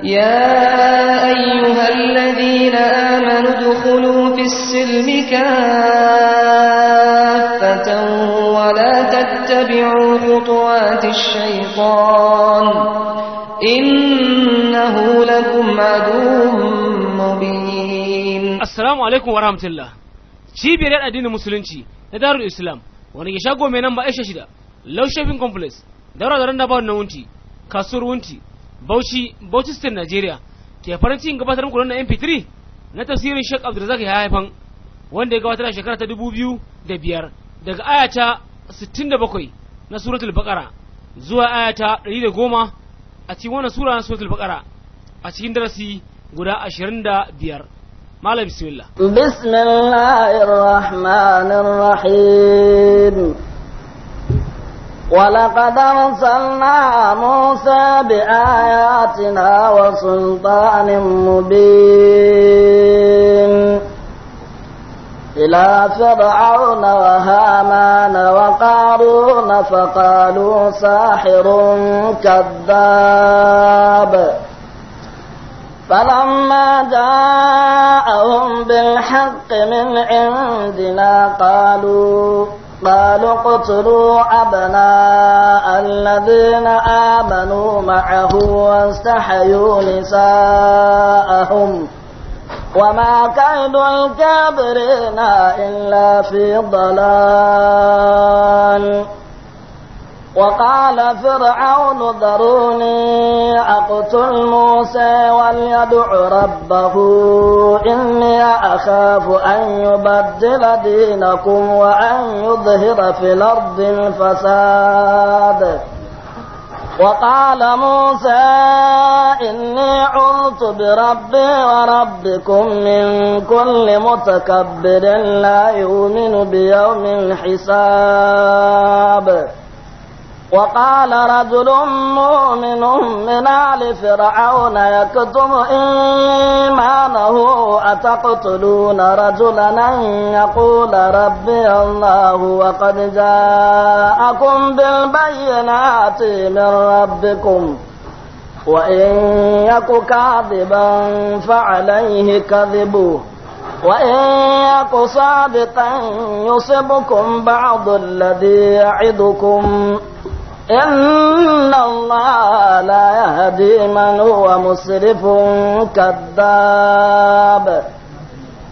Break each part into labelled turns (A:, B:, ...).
A: يا أيها الذين آمنوا ادخلوا في السلم كافة ولا تتبعوا خطوات الشيطان إنه لكم عدو مبين
B: السلام عليكم ورحمة الله شيبي رأى الدين المسلمين ندار الإسلام وانا يشاقوا من نمبر إيش لو شايفين كومبلس دارا دارا نبار نونتي كسر ونتي Bauchi Bauchi State Nigeria ke farin cikin gabatar muku na MP3 na tafsirin Sheikh Abdulrazak ya haifan wanda ya gabatar a shekara ta 2005 daga aya ta 67 na suratul baqara zuwa aya ta 110 a cikin wannan sura na suratul baqara a cikin darasi guda 25 malam bismillah
A: bismillahir rahmanir rahim ولقد أرسلنا موسى بآياتنا وسلطان مبين إلى فرعون وهامان وقارون فقالوا ساحر كذاب فلما جاءهم بالحق من عندنا قالوا قالوا اقتلوا أبناء الذين آمنوا معه واستحيوا نساءهم وما كيد الكافرين إلا في ضلال وقال فرعون ذروني أقتل موسى وليدع ربه إني أخاف أن يبدل دينكم وأن يظهر في الأرض الفساد وقال موسى إني عذت بربي وربكم من كل متكبر لا يؤمن بيوم الحساب وقال رجل مؤمن من آل فرعون يكتم إيمانه أتقتلون رجلا أن يقول ربي الله وقد جاءكم بالبينات من ربكم وإن يك كاذبا فعليه كذبوا وإن يك صادقا يصبكم بعض الذي يعدكم إن الله لا يهدي من هو مسرف كذاب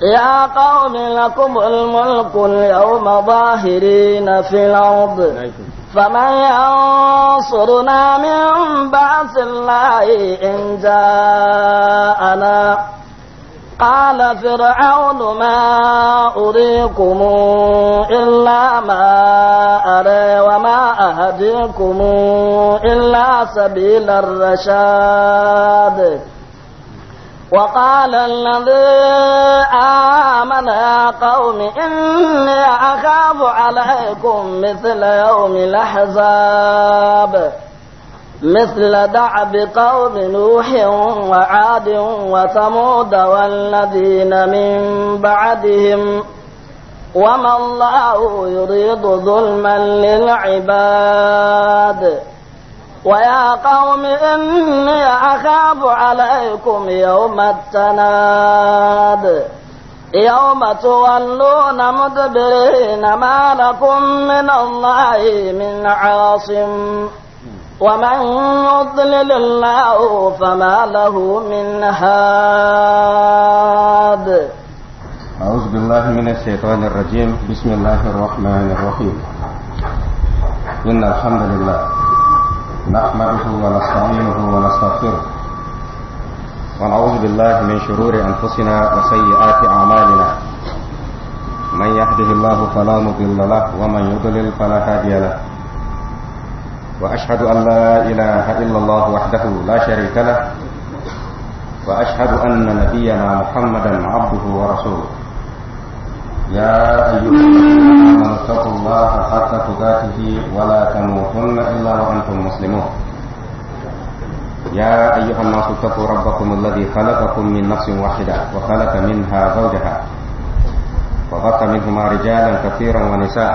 A: يا قوم لكم الملك اليوم ظاهرين في الأرض فمن ينصرنا من بعث الله إن جاءنا قال فرعون ما أريكم إلا ما أرى وما أهديكم إلا سبيل الرشاد وقال الذي آمن يا قوم إني أخاف عليكم مثل يوم الأحزاب مثل دعب قوم نوح وعاد وثمود والذين من بعدهم وما الله يريد ظلما للعباد ويا قوم إني أخاف عليكم يوم التناد يوم تولون مدبرين ما لكم من الله من عاصم ومن يضلل الله فما له من هاد
C: أعوذ بالله
D: من الشيطان الرجيم بسم الله الرحمن الرحيم إن الحمد لله نحمده ونستعينه ونستغفره ونعوذ بالله من شرور أنفسنا وسيئات أعمالنا من يهده الله فلا مضل له ومن يضلل فلا هادي له وأشهد أن لا إله إلا الله وحده لا شريك له وأشهد أن نبينا محمدا عبده ورسوله يا أيها الذين اتقوا الله حق تقاته ولا تموتن إلا وأنتم مسلمون يا أيها الناس اتقوا ربكم الذي خلقكم من نفس واحدة وخلق منها زوجها وبث منهما رجالا كثيرا ونساء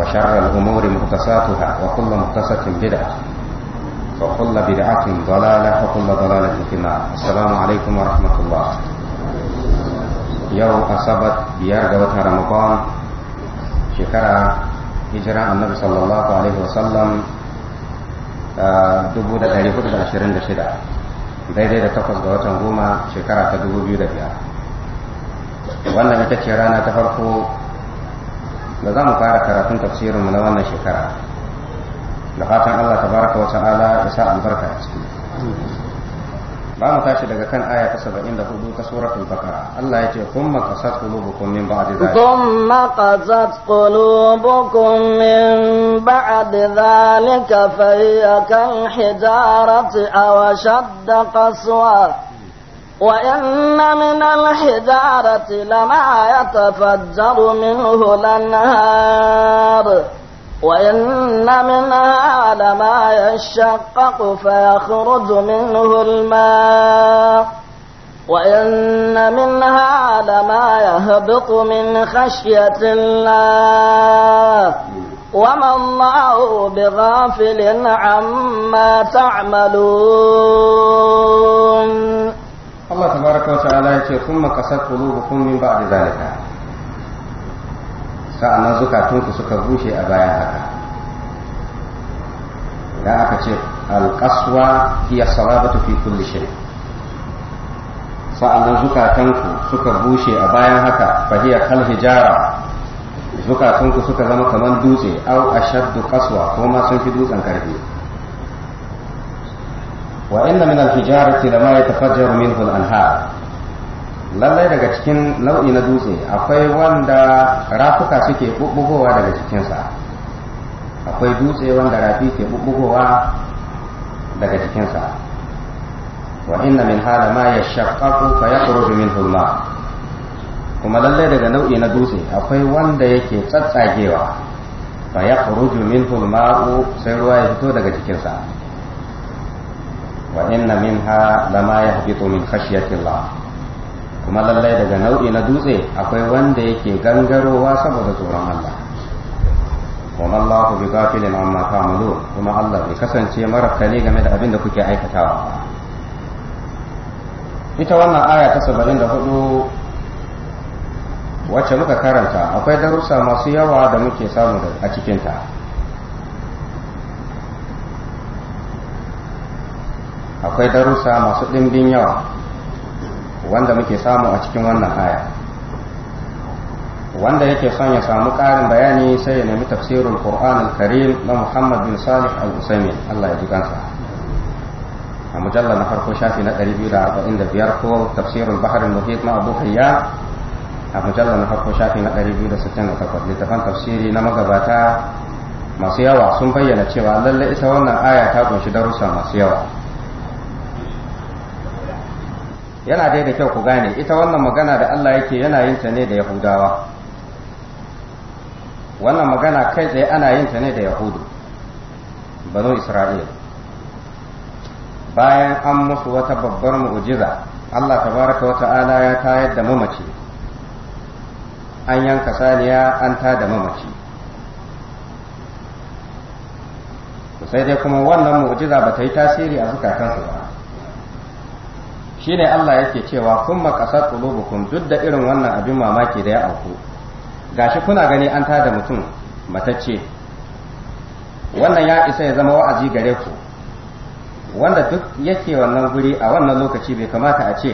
D: وشر الأمور محدثاتها وكل محدثة بدعة وكل بدعة ضلالة وكل ضلالة في النار السلام عليكم ورحمة الله
C: يوم أصابت
D: بيار جوتها رمضان شكرا هجرة النبي صلى الله عليه وسلم dubu da ɗari hudu da ashirin da shida daidai da takwas ga watan goma shekara ta dubu biyu da biyar wannan ita ce rana ta farko da za mu fara karatun tafsirin mu na wannan shekara da fatan Allah tabaraka wa ta'ala ya sa albarka a ciki ba mu tashi daga kan aya ta 74 ta suratul baqara Allah ya ce kuma qasat qulubukum min ba'di dhalika
A: kuma qasat qulubukum min ba'di dhalika fa hiya kal hijarati aw shadda qaswa وإن من الحجارة لما يتفجر منه الأنهار وإن منها لما يشقق فيخرج منه الماء وإن منها لما يهبط من خشية الله وما الله بغافل عما تعملون Allah ta tabaraka
D: wa sa'ala ya ce kun makasar qulubukum min ba'di zalika sa'annan zukatunku suka bushe a bayan haka Da aka ce alƙaswa hiya salabatu fi kulli shay sa'annan zukatanku suka bushe a bayan haka fa hiya kal hijara zukatanku suka zama kamar dutse au ashaddu qaswa ko ma sun fi dutsen karfi وإن من الحجارة لما يتفجر منه الأنهار lallai daga cikin nau'i na dutse akwai wanda rafuka suke bubbugowa daga cikinsa akwai dutse wanda rafi ke bubbugowa daga cikinsa wa inna min hala ma yashaqqaqu fa yakhruju minhu al kuma lallai daga nau'i na dutse akwai wanda yake tsatsagewa fa yakhruju minhu al sai ruwa ya fito daga cikinsa wa inna minha lama yahbitu min khashyati Allah kuma lallai daga nau'i na dutse akwai wanda yake gangarowa saboda tsoron Allah kuma Allah bi gafilin amma ta'malu kuma Allah bai kasance mara kane game da abin da kuke aikatawa ita wannan aya ta 74 wacce muka karanta akwai darussa masu yawa da muke samu a cikinta akwai darussa masu ɗimbin yawa wanda muke samu a cikin wannan aya wanda yake son ya samu ƙarin bayani sai ya nemi tafsirul qur'an karim na muhammad bin salih al-usaimin allah ya ji kansa a mujallar na farko shafi na 245 ko tafsirul bahar muhit ma abu hayya a mujallar na farko shafi na 268 littafan tafsiri na magabata masu yawa sun bayyana cewa lallai ita wannan aya ta kunshi darussa masu yawa yana dai da kyau ku gane ita wannan magana da Allah yake yana yin ta ne da yahudawa wannan magana kai tsaye ana yin ta ne da yahudu banu isra'il bayan an musu wata babbar mu'jiza Allah tabaraka wa ta'ala ya tayar da mamaci an yanka saniya an ta da mamaci sai dai kuma wannan mu'jiza ba ta yi tasiri a zukatansu ba shine Allah yake cewa kun makasa qulubukum duk da irin wannan abin mamaki da ya auku gashi kuna gani an tada mutum matacce wannan ya isa ya zama wa'azi gare ku wanda duk yake wannan guri a wannan lokaci bai kamata a ce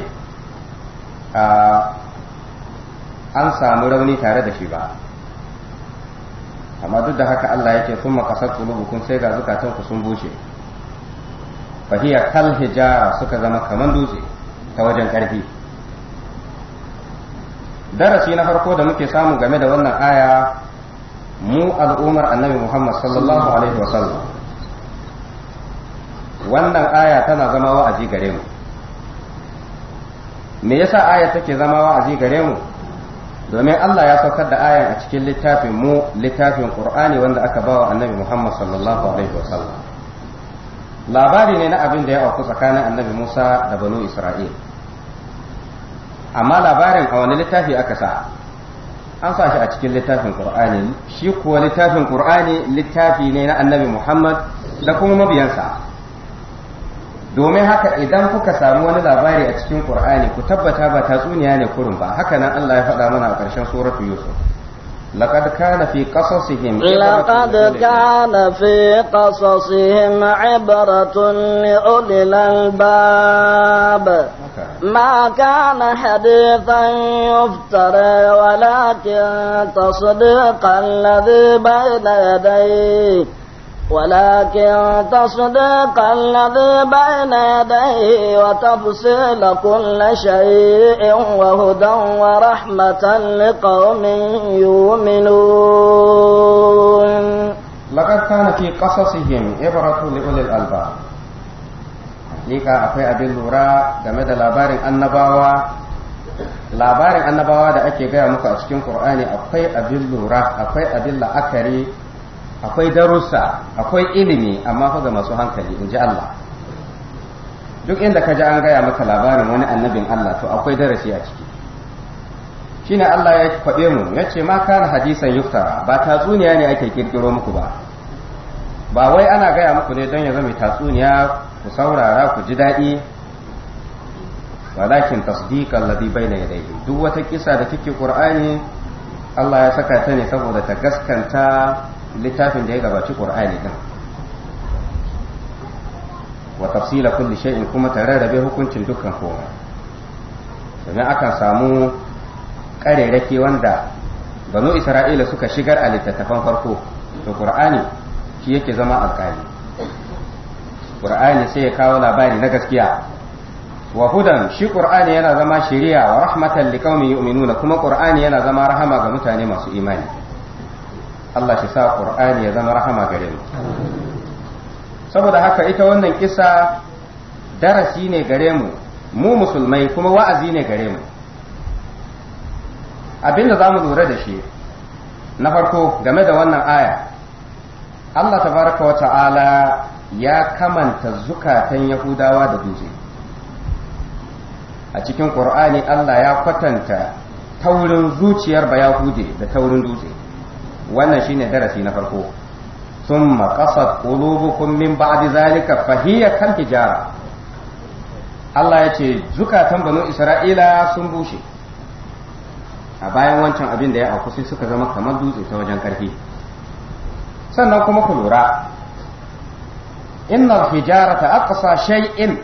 D: an samu rauni tare da shi ba amma duk da haka Allah yake kun makasa qulubukum sai ga zukatan ku sun bushe fa kal hijara suka zama kaman dutse ta wajen ƙarfi darasi na farko da muke samu game da wannan aya mu al'ummar annabi Muhammad sallallahu alaihi wasallam wannan aya tana zama wa'azi gare mu me yasa aya take zama wa'azi gare mu domin Allah ya saukar da ayan a cikin littafin mu littafin Qur'ani wanda aka bawa annabi Muhammad sallallahu alaihi wasallam labari ne na abin da ya auku tsakanin annabi Musa da banu Isra'il amma labarin a wani littafi aka sa an sa shi a cikin littafin Qur'ani shi kuwa littafin ƙur'ani littafi ne na annabi Muhammad da kuma mabiyansa domin haka idan kuka samu wani labari a cikin ƙur'ani ku tabbata ba tatsuniya ne kurum ba haka nan Allah ya faɗa mana a ƙarshen suratu Yusuf لقد كان في قصصهم لقد
A: كان في قصصهم عبرة لأولي الألباب ما كان حديثا يفترى ولكن تصديق الذي بين يديه ولكن تصديق الذي بين يديه وتفصيل كل شيء وهدى ورحمة لقوم يؤمنون لقد كان في قصصهم إبرة لأولي الألباب
D: ليكا أخي أبي اللوراء دمد لابارن النباوة labarin annabawa da ake gaya muku a cikin qur'ani akwai abin lura akwai abin la'akari akwai darussa akwai ilimi amma fa ga masu hankali in ji Allah duk inda ka ji an gaya maka labarin wani annabin Allah to akwai darasi a ciki shine Allah ya faɗe mu ya ce ma kan hadisan yuftara ba tatsuniya ne ake kirkiro muku ba ba wai ana gaya muku ne don ya zama tatsuniya ku saurara ku ji daɗi walakin tasdiqan ladhi baina yadayhi duk wata kisa da kike qur'ani Allah ya saka ta ne saboda ta gaskanta littafin da ya gabaci qur'ani din wa tafsila kulli shay'in kuma ta rarrabe hukuncin dukkan komai domin akan samu ƙarerake wanda banu isra'ila suka shigar a littattafan farko to kur'ani shi yake zama alƙali ƙur'ani sai ya kawo labari na gaskiya wa hudan shi ƙur'ani yana zama shari'a wa rahmatan liqaumin yu'minuna kuma ƙur'ani yana zama rahama ga mutane masu imani Allah shi sa Qur'ani ya zama rahama gare mu saboda haka ita wannan kisa darasi ne gare mu mu musulmai kuma wa'azi ne gare mu abinda za mu lura da shi na farko game da wannan aya Allah tabaraka wa ta'ala ya kamanta zukatan yahudawa da duje a cikin ƙur'ani Allah ya kwatanta taurin zuciyar bayahude da taurin dutse wannan shine darasi na farko summa qasat qulubukum min ba'di zalika fa hiya kal tijara Allah ya ce zukatan banu Isra'ila sun bushe a bayan wancan abin da ya auku sai suka zama kamar dutse ta wajen karfi sannan kuma ku lura innal hijarata aqsa shay'in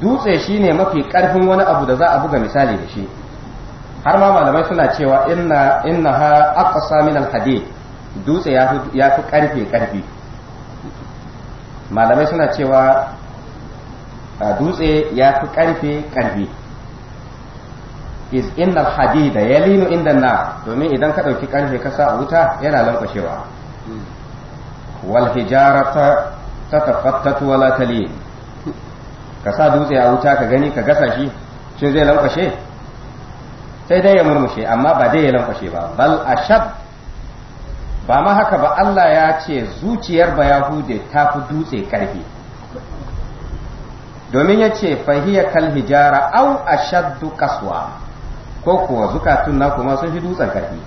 D: dutse shine mafi ƙarfin wani abu da za a buga misali da shi har ma malamai suna cewa inna ha aqsa min alhadid dutse ya fi karfe karfi malamai suna cewa dutse ya fi karfe karfi is inna ya yalinu inda na domin idan ka ɗauki karfe ka sa wuta yana lankwashewa wal hijarata tatafattatu wala talin ka sa dutse a wuta ka gani ka gasa shi shi zai lankwashe sai dai ya murmushe amma ba dai ya lankwashe ba bal ashab ba ma haka ba Allah ya ce zuciyar ba bayahude ta fi dutse karfi domin ya ce fahiya kal hijara au ashaddu kaswa ko kuwa zukatun na kuma sun fi dutsen karfi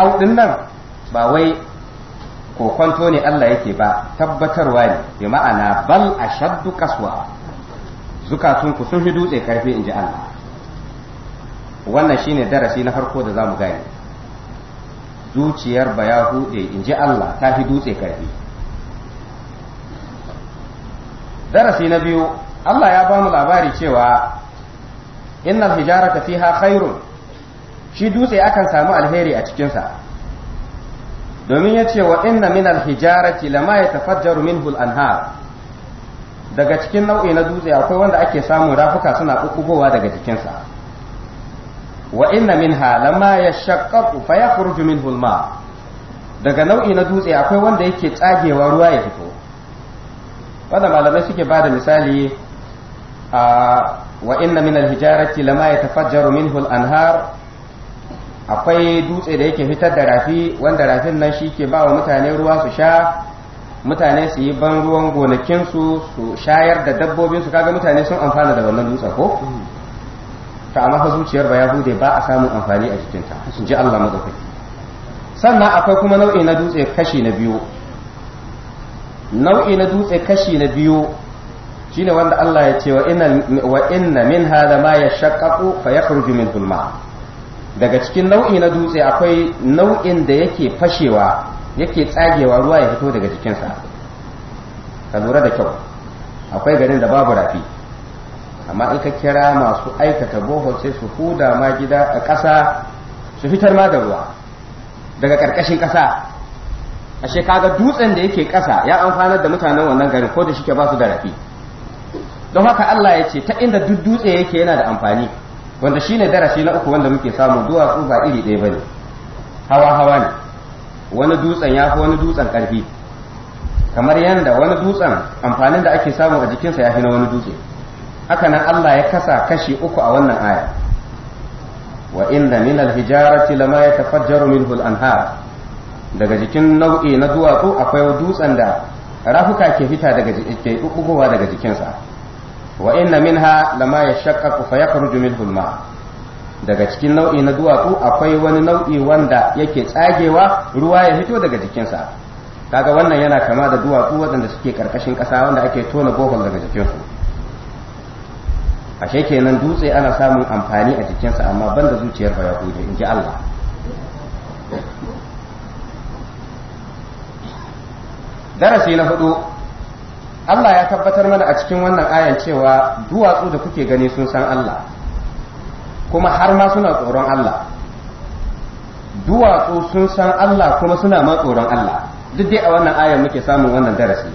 D: au din nan ba wai kokonto ne Allah yake ba tabbatarwa ne bi ma'ana bal ashaddu kaswa zukatun ku sun fi dutse karfi inji Allah wannan shine darasi na farko da zamu gane zuciyar baya hude in ji Allah ta fi dutse karfi darasi na biyu Allah ya ba mu labari cewa innal hijarata fiha khairun shi dutse akan samu alheri a cikinsa domin ya ce wa inna min alhijarati lama ya tafajjaru minhu anhar daga cikin nau'i na dutse akwai wanda ake samun rafuka suna kukubowa daga jikinsa wa inna minha lamma yashaqqaqu fa yakhruju minhu al-ma daga nau'i na dutse akwai wanda yake tsagewa ruwa ya fito wanda malamai suke ba da misali a wa inna min al-hijarati lama yatafajjaru minhu anhar akwai dutse da yake fitar da rafi wanda rafin nan shi ke bawa mutane ruwa su sha mutane su yi ban ruwan gonakinsu su shayar da dabbobinsu kaga mutane sun amfana da wannan dutse ko ta amma zuciyar ba ya bude ba a samun amfani a jikinta in ji Allah madaukaki sannan akwai kuma nau'i na dutse kashi na biyu nau'i na dutse kashi na biyu shine wanda Allah ya ce wa inna min hada ma yashaqqaqu fa yakhruju min dhulma daga cikin nau'i na dutse akwai nau'in da yake fashewa yake tsagewa ruwa ya fito daga jikinsa ka lura da kyau akwai garin da babu rafi amma in ka kira masu aikata bohol sai su huda ma gida a ƙasa su fitar ma da ruwa daga ƙarƙashin ƙasa a kaga dutsen da yake ƙasa ya amfanar da mutanen wannan garin ko da shike ba su da rafi don haka Allah ya ce ta inda duk dutse yake yana da amfani wanda shine darasi na uku wanda muke samu duwatsu ba iri ɗaya bane hawa hawa ne wani dutsen ya fi wani dutsen ƙarfi kamar yanda wani dutsen amfanin da ake samu a jikinsa ya fi na wani dutse haka nan Allah ya kasa kashi uku a wannan aya wa inna min alhijarati lama yatafajjaru minhu al-anhar daga jikin nau'i na duwatsu akwai dutsen da rafuka ke fita daga ke bugowa daga jikinsa wa inna minha lama yashaqqaqu fa yakhruju minhu al-ma daga cikin nau'i na duwatsu akwai wani nau'i wanda yake tsagewa ruwa ya fito daga jikinsa kaga wannan yana kama da duwatsu waɗanda suke karkashin ƙasa wanda ake tona bohol daga jikinsu ashe kenan dutse ana samun amfani a jikinsa amma banda zuciyar ba yahudi in ji Allah darasi na hudu Allah ya tabbatar mana a cikin wannan ayan cewa duwatsu da kuke gani sun san Allah kuma har ma suna tsoron Allah duwatsu sun san Allah kuma suna ma tsoron Allah duk dai a wannan ayan muke samun wannan darasi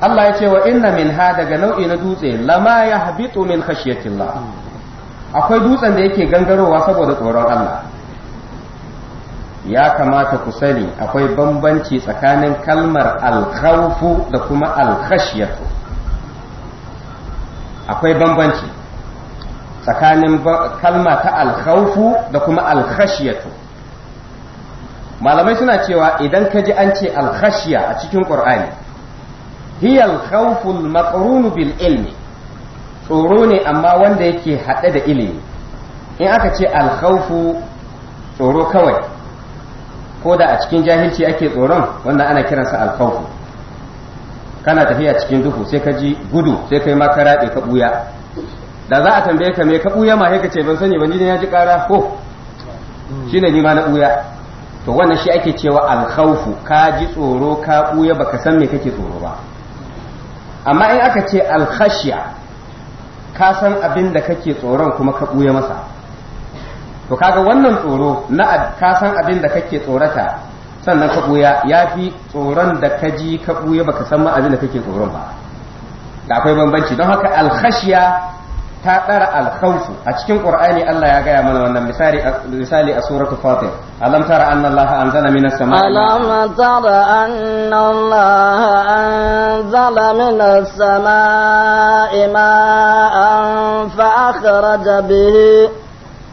D: Allah ya ce wa inna minha daga nau'i na dutse lama ya habitu min khashiyatillah akwai dutsen da yake gangarowa saboda tsoron Allah ya kamata ku sani akwai bambanci tsakanin kalmar alkhawfu da kuma alkhashiyatu akwai bambanci tsakanin kalma ta alkhawfu da kuma alkhashiyatu malamai suna cewa idan ka ji an ce alkhashiya a cikin qur'ani Hiyal al-khawful bil ilmi tsoro ne amma wanda yake haɗe da ilimi in aka ce alkhawfu tsoro kawai ko da a cikin jahilci ake tsoron wannan ana kiransa alkhawfu kana tafiya cikin duhu sai ka ji gudu sai kai ma ka raɗe ka ɓuya da za a tambaye ka me ka ɓuya ma sai ka ce ban sani ba ni na ji ƙara ko shine ni ma na ɓuya to wannan shi ake cewa alkhawfu ka ji tsoro ka ɓuya baka san me kake tsoro ba amma in aka ce alkhashiya ka san abin da kake tsoron kuma ka ɓuya masa to kaga wannan tsoro na ka san abin da kake tsorata sannan ka ɓuya ya fi tsoron da ka ji ka ɓuya baka san ma abin da kake tsoron ba da akwai bambanci don haka alkhashiya ta ɗara alkhawfu a cikin qur'ani Allah ya gaya mana wannan misali misali a suratu fatir alam tara anna allaha anzala minas samai alam
A: tara anna allaha anzala minas samai ma'an fa akhraja bihi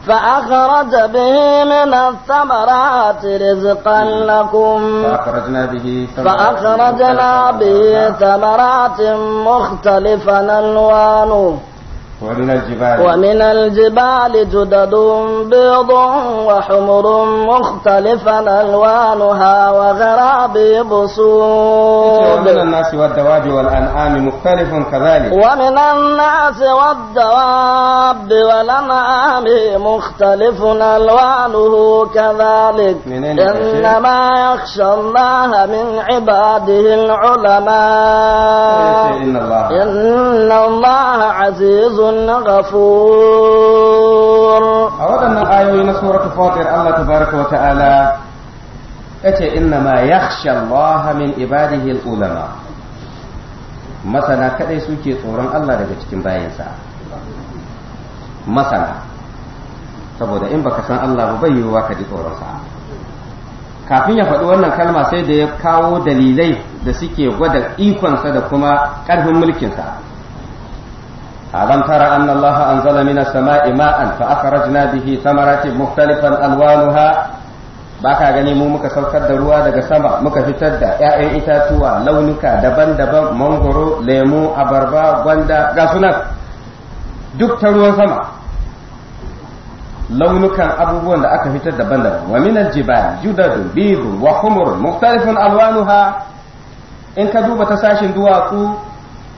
A: فأخرج به من الثمرات رزقا لكم فأخرجنا به ثمرات, فأخرجنا به ثمرات مختلفا ألوانه
D: ومن الجبال ومن
A: الجبال جدد بيض وحمر مختلفا ألوانها وغرابيب سود ومن الناس
D: والدواب والأنعام مختلف كذلك
A: ومن الناس والدواب والأنعام مختلف ألوانه كذلك من إنما يخشى الله من عباده العلماء إن الله, إن الله عزيز a waɗannan ayoyi na suratul fatir Allah tabaraka wa ta'ala
D: yace inna ma yakhsha Allah min ibadihi ulama masana kadai suke tsoron Allah daga cikin bayansa masana saboda in baka san Allah ba bai yiwuwa ka ji tsoronsa kafin ya faɗi wannan kalma sai da ya kawo dalilai da suke gwada ikonsa da kuma ƙarfin mulkinsa ألم تر أن الله أنزل من bihi ماء فأخرجنا به ثمرات مختلفا ألوانها baka gani mu muka saukar da ruwa daga sama muka fitar da 'ya'yan itatuwa launuka daban-daban mangoro lemu abarba gwanda ga duk ta ruwan sama launukan abubuwan da aka fitar daban-daban wa minal jibal judadun bidun wa humurun mukhtalifun alwanuha in ka duba ta sashin duwatsu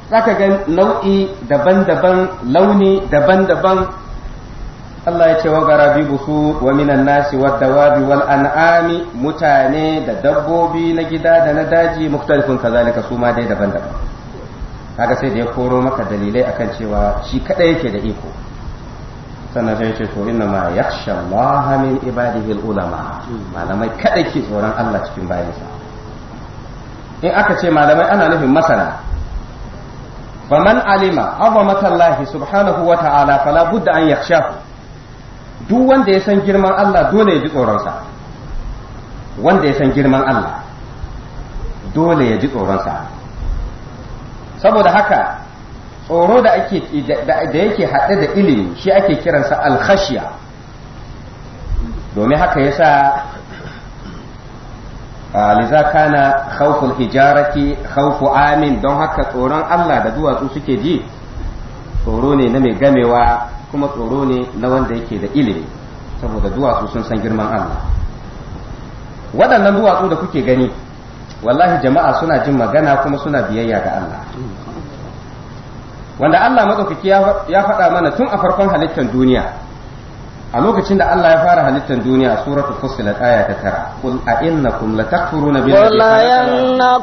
D: zaka ga nau'i daban-daban launi daban-daban Allah ya ce wa garabi busu wa minan nasi wa dawabi wal an'ami mutane da dabbobi na gida da na daji mukhtalifun kazalika su ma dai daban-daban kaga sai da ya koro maka dalilai akan cewa shi kada yake da iko sannan sai ce to inna ma yakhsha Allah min ibadihi ulama malamai kada ke tsoron Allah cikin bayansa in aka ce malamai ana nufin masana faman alima azamatallahi subhanahu wa ta'ala fala budda an yakhshahu duk wanda ya san girman Allah dole ya ji tsoronsa wanda ya san girman Allah dole ya ji tsoronsa saboda haka tsoro da ake da yake haɗe da ilimi shi ake kiransa alkhashiya domin haka yasa Ah, liza kana khawful hijarati khawfu amin don haka tsoron Allah da duwatsu suke ji tsoro ne na mai gamewa kuma tsoro ne na wanda yake da ilimi saboda duwatsu sun san girman Allah waɗannan duwatsu da kuke gani wallahi jama'a suna jin magana kuma suna biyayya ga Allah wanda Allah maɗaukaki ya faɗa mana tun a farkon halittar duniya a lokacin da Allah ya fara halittar duniya suratul fussilat aya ta tara qul a innakum latakfuruna billazi hmm.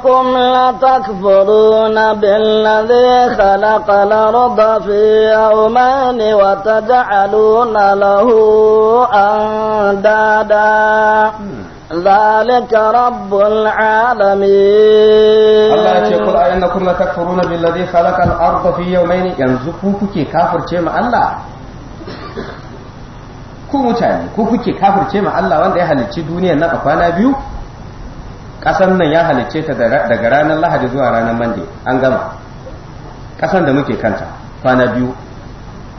A: qul a innakum latakfuruna billazi khalaqa al-arda fi yawmayn wa taj'aluna lahu andada ذلك رب العالمين الله يقول قل
D: أئنكم لتكفرون بالذي خلق الأرض في يومين ينزفوك كافر شيء الله ku mutane ku kuke kafirce ma Allah wanda ya halicci duniyar nan a kwana biyu ƙasar nan ya halicce ta daga ranar Lahadi zuwa ranar Mande an gama ƙasar da muke kanta kwana biyu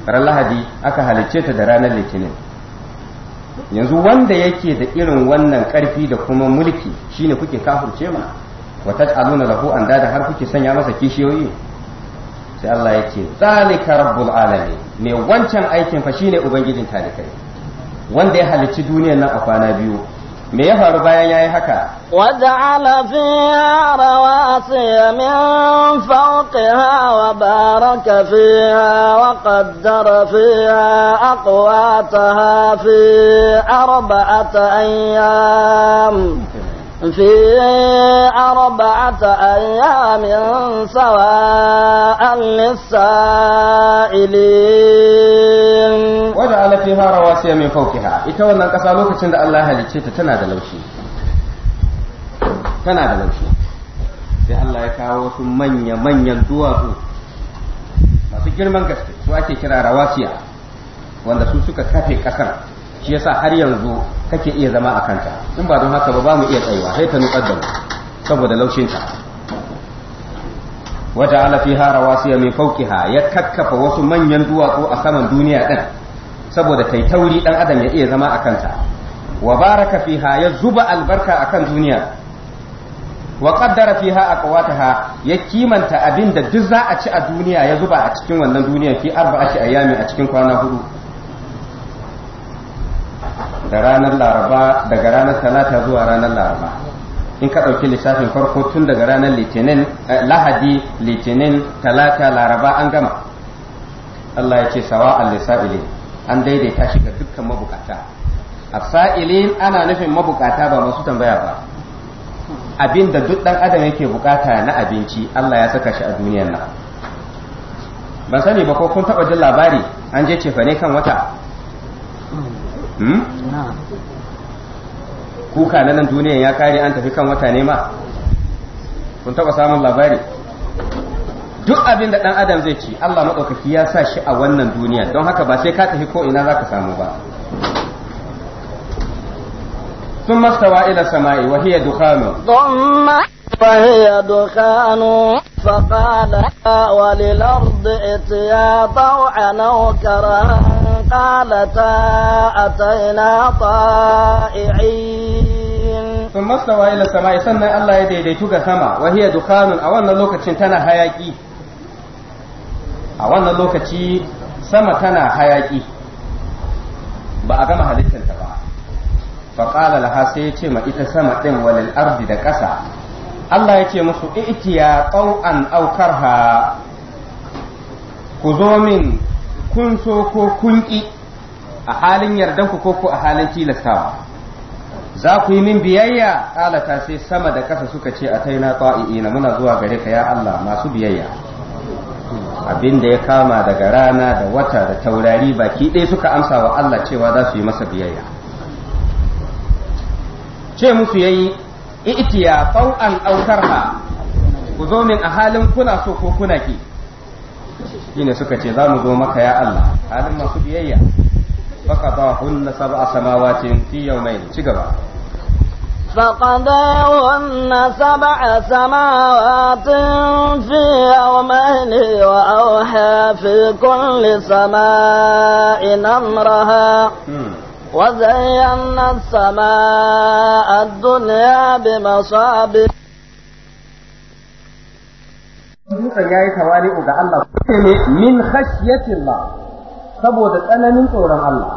D: ran Lahadi aka halicce ta da ranar Litinin yanzu wanda yake da irin wannan karfi da kuma mulki shine kuke kafirce ma wa aluna lahu dada har kuke sanya masa kishiyoyi sai Allah ya ce zalika rabbul alamin ne wancan aikin fa shine ubangijin talikai wanda ya halicci duniyar nan a kwana biyu me ya faru bayan yayi haka
A: waja'ala fiha rawasiya min fawqiha wa baraka fiha wa qaddara fiha aqwataha fi arba'ati ayyam في أربعة أيام سواء للسائلين
D: وجعل فيها رواسي من فوقها يتولى قصا لوكacin da Allah halicce ta tana da laushi tana da laushi sai Allah ya kawo su manya manyan duwatsu masu girman gaske su ake kira rawasiya wanda su suka kafe kasar shi yasa har yanzu kake iya zama a kanta in ba don haka ba ba mu iya tsayuwa sai ta nuƙaddam saboda laushinta wata ala fiha rawasiya min fawqiha ya kakkafa wasu manyan duwatsu a saman duniya din saboda tai tauri dan adam ya iya zama a kanta wa baraka fiha ya zuba albarka akan duniya wa qaddara fiha aqwataha ya kimanta abin da duk za a ci a duniya ya zuba a cikin wannan duniya fi arba'ati ayami a cikin kwana hudu da ranar laraba daga ranar talata zuwa ranar laraba in ka ɗauki lissafin farko tun daga ranar litinin eh, lahadi litinin talata laraba an gama Allah ya ce sawa al-lisa'ilin an daidaita shi ga dukkan mabukata asailin ana nufin mabukata ba masu tambaya ba abin da duk ɗan adam yake bukata na abinci Allah ya saka shi a duniyar nan ban sani ba ko kun taɓa jin labari an je cefane kan wata
C: Hmm? kuka
D: na nan duniya ya kare an tafi kan wata ne kun taba samun labari duk abin da dan adam zai ci Allah maɗaukaki ya sa shi a wannan duniya don haka ba sai ka tafi ko ina zaka samu ba ثم استوى إلى السماء وهي دخان
A: ثم وهي دخان فقال وللأرض اتيا طوعا أو كرها قالتا أتينا طائعين
D: ثم استوى إلى السماء سنة الله يديديتك سما وهي دخان أولا لوكة تنا هياكي أولا لوكة سما تنا هياكي ba a gama halittarta ba faƙala laha sai ya ce ma ita sama ɗin walil arzi da ƙasa Allah ya ce musu ya ƙau'an aukar ha ku zo min kun so ko kun ƙi a halin yardanku ko ko a halin tilastawa za ku yi min biyayya ƙalata sai sama da ƙasa suka ce a taina ƙwa'i'ina muna zuwa gare ka ya Allah masu biyayya abin da ya kama daga rana da wata da taurari baki ɗaya suka amsa wa Allah cewa za su yi masa biyayya ce musu yayi itiya fau'an aukarha ku zo min a halin kuna so ko kuna ki
C: shine suka ce za mu zo maka ya Allah
D: halin masu biyayya فقضاهن سبع سماوات في يومين شكرا
A: فقضاهن سبع سماوات في يومين وأوحى في كل سماء أمرها وزينا السماء الدنيا بمصابيح
D: dutsen yayi tawali'u ga Allah ne min khashyatillah saboda tsananin tsoron Allah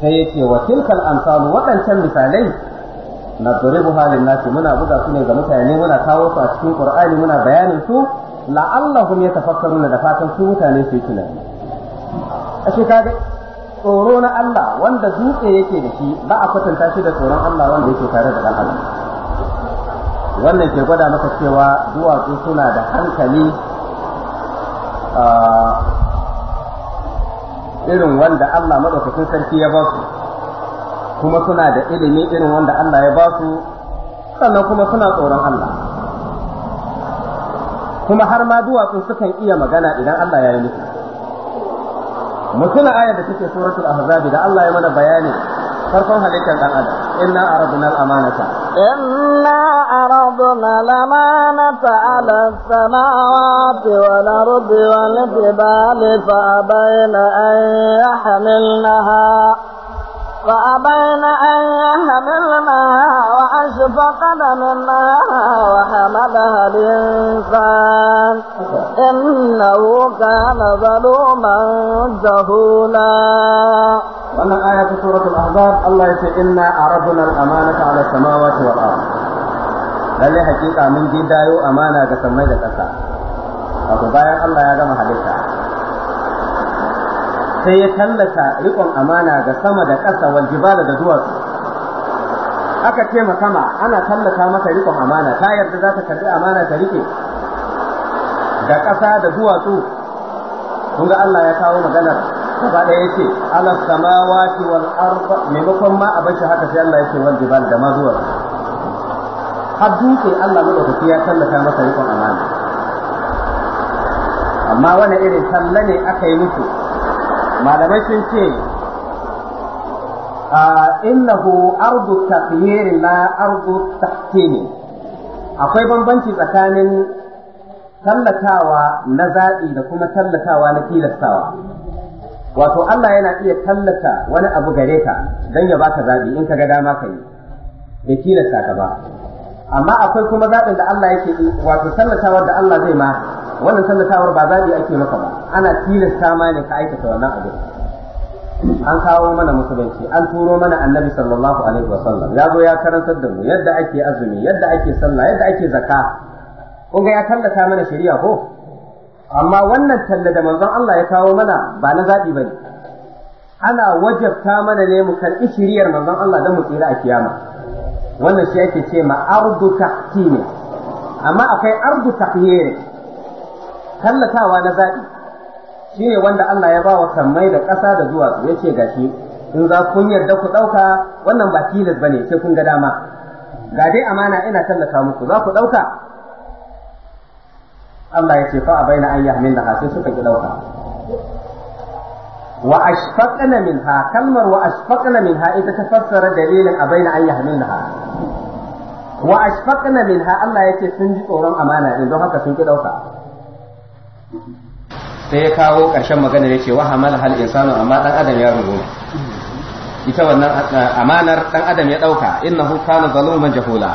D: sai yace wa tilkal amsalu waɗancan misalai na duribu halin nasi muna buga su ne ga mutane muna kawo su a cikin qur'ani muna bayanin su ya yatafakkaruna da fatan su mutane su yi A ashe tsoro na Allah wanda dutse yake da shi ba a kwatanta shi da tsoron Allah wanda yake tare da ɗan Allah wannan ke gwada maka cewa duwatsu suna da hankali irin wanda Allah madaukakin sarki ya ba su kuma suna da ilimi irin wanda Allah ya ba su sannan kuma suna tsoron Allah kuma har ma duwatsu sukan iya magana idan Allah ya yi nufi mutuna ayar da take suratul ahzabi da Allah ya mana bayani farkon halittar dan adam inna aradna
A: al-amanata inna عرضنا الأمانة على السماوات والأرض والجبال فأبين أن يحملنها فأبين أن يحملنها وأشفقن منها وحملها الإنسان إنه كان ظلوما جهولا ومن آية سورة الأحزاب الله يقول إنا أردنا الأمانة
D: على السماوات والأرض lalle hakika mun je dayo amana ga samai da ƙasa wato bayan Allah ya gama halitta sai ya tallata rikon amana ga sama da ƙasa wal jibala da duwatsu aka ce sama ana tallata maka rikon amana ta yarda za ta karbi amana ta rike da ƙasa da duwatsu kun ga Allah ya kawo maganar gaba ɗaya ya ce alas samawati wal arba maimakon ma a bashi haka sai Allah ya ce wal jibala da ma duwatsu har dutse Allah da ya tallata masa rikon amana amma wani irin talla ne aka yi musu malamai sun ce innahu ardu taqyir la ardu tahtin akwai bambanci tsakanin tallatawa na zaɓi da kuma tallatawa na tilastawa wato Allah yana iya tallata wani abu gare ka don ya baka zaɓi in ka ga dama ka yi bai tilasta ka ba amma akwai kuma zaɓin da Allah yake yi wato sallatawar da Allah zai ma wannan sallatawar ba zaɓi ake maka ba ana tilasta ma ne ka aikata wannan abin an kawo mana musulunci an turo mana annabi sallallahu alaihi sallam ya zo ya karantar da mu yadda ake azumi yadda ake sallah yadda ake zakka kun ga ya tallata mana shari'a ko amma wannan talla da manzon Allah ya kawo mana ba na zaɓi bane ana wajabta mana ne mu karɓi shiriyar manzon Allah don mu tsira a kiyama wannan shi ake ce ma ardu tahtini amma akwai ardu tahyiri kallatawa na zaɓi shine wanda Allah ya bawa sammai da ƙasa da zuwa su ce gashi in za kun yarda ku ɗauka wannan ba tilas bane sai kun ga dama ga dai amana ina tallata muku za ku ɗauka Allah ya ce fa a baina an yahmin da sai suka ki ɗauka wa ashfaqna minha kalmar wa ashfaqna minha ita ta fassara dalilin a baina an yahmilnaha wa ashfaqna minha Allah yake sun ji tsoron amana din don haka sun ki dauka sai ya kawo ƙarshen maganar ya ce wa hamala hal insanu amma dan adam ya rungu ita wannan amanar dan adam ya dauka innahu kana zaluman jahula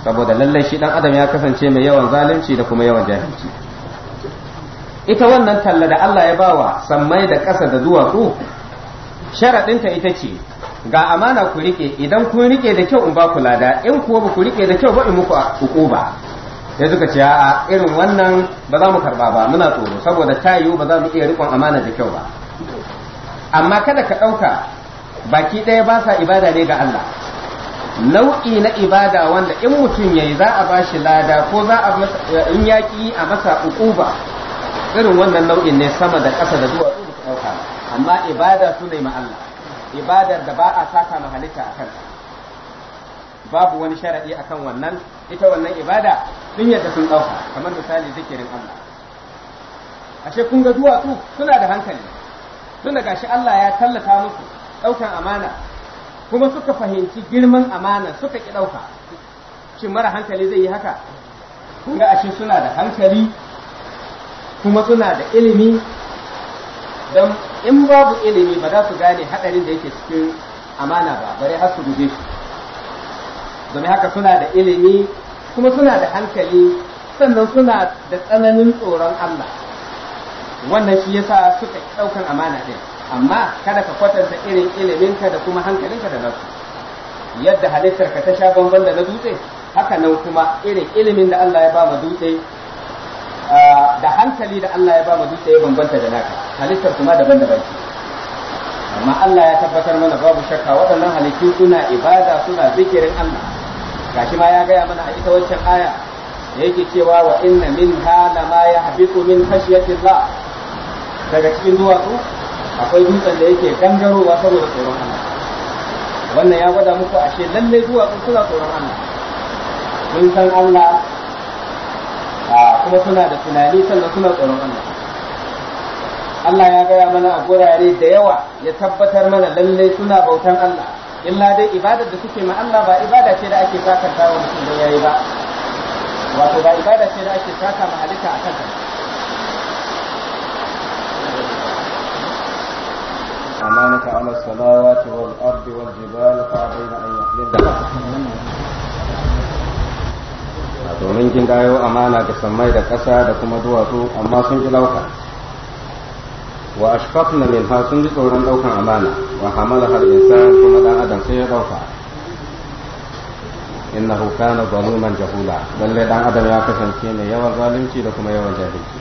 D: saboda lallai shi dan adam ya kasance mai yawan zalunci da kuma yawan
C: jahilci
D: ita wannan talla da Allah ya bawa sammai da ƙasa da duwatsu sharaɗinta ita ce ga amana ku rike idan ku riƙe da kyau in ba ku lada in kuwa ba ku rike da kyau ba in muku hukuma ya suka ce a irin wannan ba za mu karba ba muna tsoro saboda yiwu ba za mu iya rikon amana da kyau ba amma kada ka ɗauka baki ɗaya ba sa ibada ne ga Allah nau'i na ibada wanda in mutum yayi za a ba shi lada ko za a in yaƙi a masa hukuma irin wannan nau'in ne sama da ƙasa da duwatsu da ɗauka amma ibada su ne ma Allah ibadar da ba a saka ma halitta a kansa babu wani a kan wannan ita wannan ibada sun yadda sun ɗauka kamar misali zikirin Allah ashe kun ga duwatsu suna da hankali tun da gashi Allah ya tallata musu ɗaukan amana kuma suka fahimci girman amana suka ki ɗauka shin mara hankali zai yi haka kun ga ashe suna da hankali kuma suna da ilimi don in babu ilimi ba za su gane haɗarin da yake cikin amana ba bare har su guje shi domin haka suna da ilimi kuma suna da hankali sannan suna da tsananin tsoron Allah wannan shi yasa suka ɗaukan amana ɗin amma kada ka kwatanta irin iliminka da kuma hankalinka da nasu yadda halittar ka ta sha bamban da na dutse haka nan kuma irin ilimin da Allah ya ba mu dutse da hankali da Allah ya ba mu dutse ya bambanta da naka halittar kuma daban-daban ce amma Allah ya tabbatar mana babu shakka waɗannan halittu suna ibada suna zikirin Allah gashi ma ya gaya mana a ita wancan aya da yake cewa wa inna min hala ma ya habitu min khashyatillah daga cikin duwatsu akwai dutsen da yake gangarowa saboda tsoron Allah wannan ya gwada muku ashe lallai duwatsu suna tsoron Allah mun san Allah kuma suna da tunani sannan suna tsoron Allah Allah ya gaya mana a gurare da yawa ya tabbatar mana lalle suna bautan Allah illa dai ibadar da suke ma Allah ba ibada ce da ake sakanta wa mutum da yayi ba wato ba ibada ce da ake saka ma
C: halitta akan ta
D: أمانة على السماوات والأرض والجبال فأبين أن يحملنها domin kin dayo amana da sammai da kasa da kuma duwatsu amma sun ji lauka wa ashfaqna ha sun ji tsoron ɗaukan amana wa hamala har insan kuma dan adam sai ya ɗauka innahu kana zaluman jahula lalle dan adam ya kasance ne yawan zalunci da kuma yawan jahilci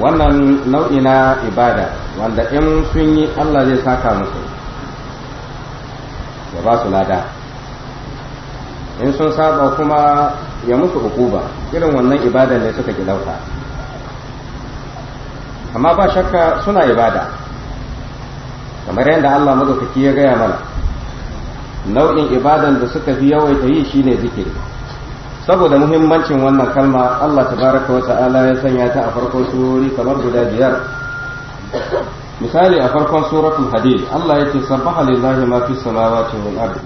D: wannan nau'i na ibada wanda in sun yi Allah zai saka musu ya ba su lada in sun saba kuma ya musu hukuba irin wannan ibada ne suka ki dauka amma ba shakka suna ibada kamar yadda Allah madaukaki ya gaya mana nau'in ibadan da suka fi yawaita yi shine zikiri saboda muhimmancin wannan kalma Allah tabaraka ta'ala ya sanya ta a farkon surori kamar guda biyar misali a farkon suratul hadid Allah yake sabbaha lillahi ma fi samawati wal ardi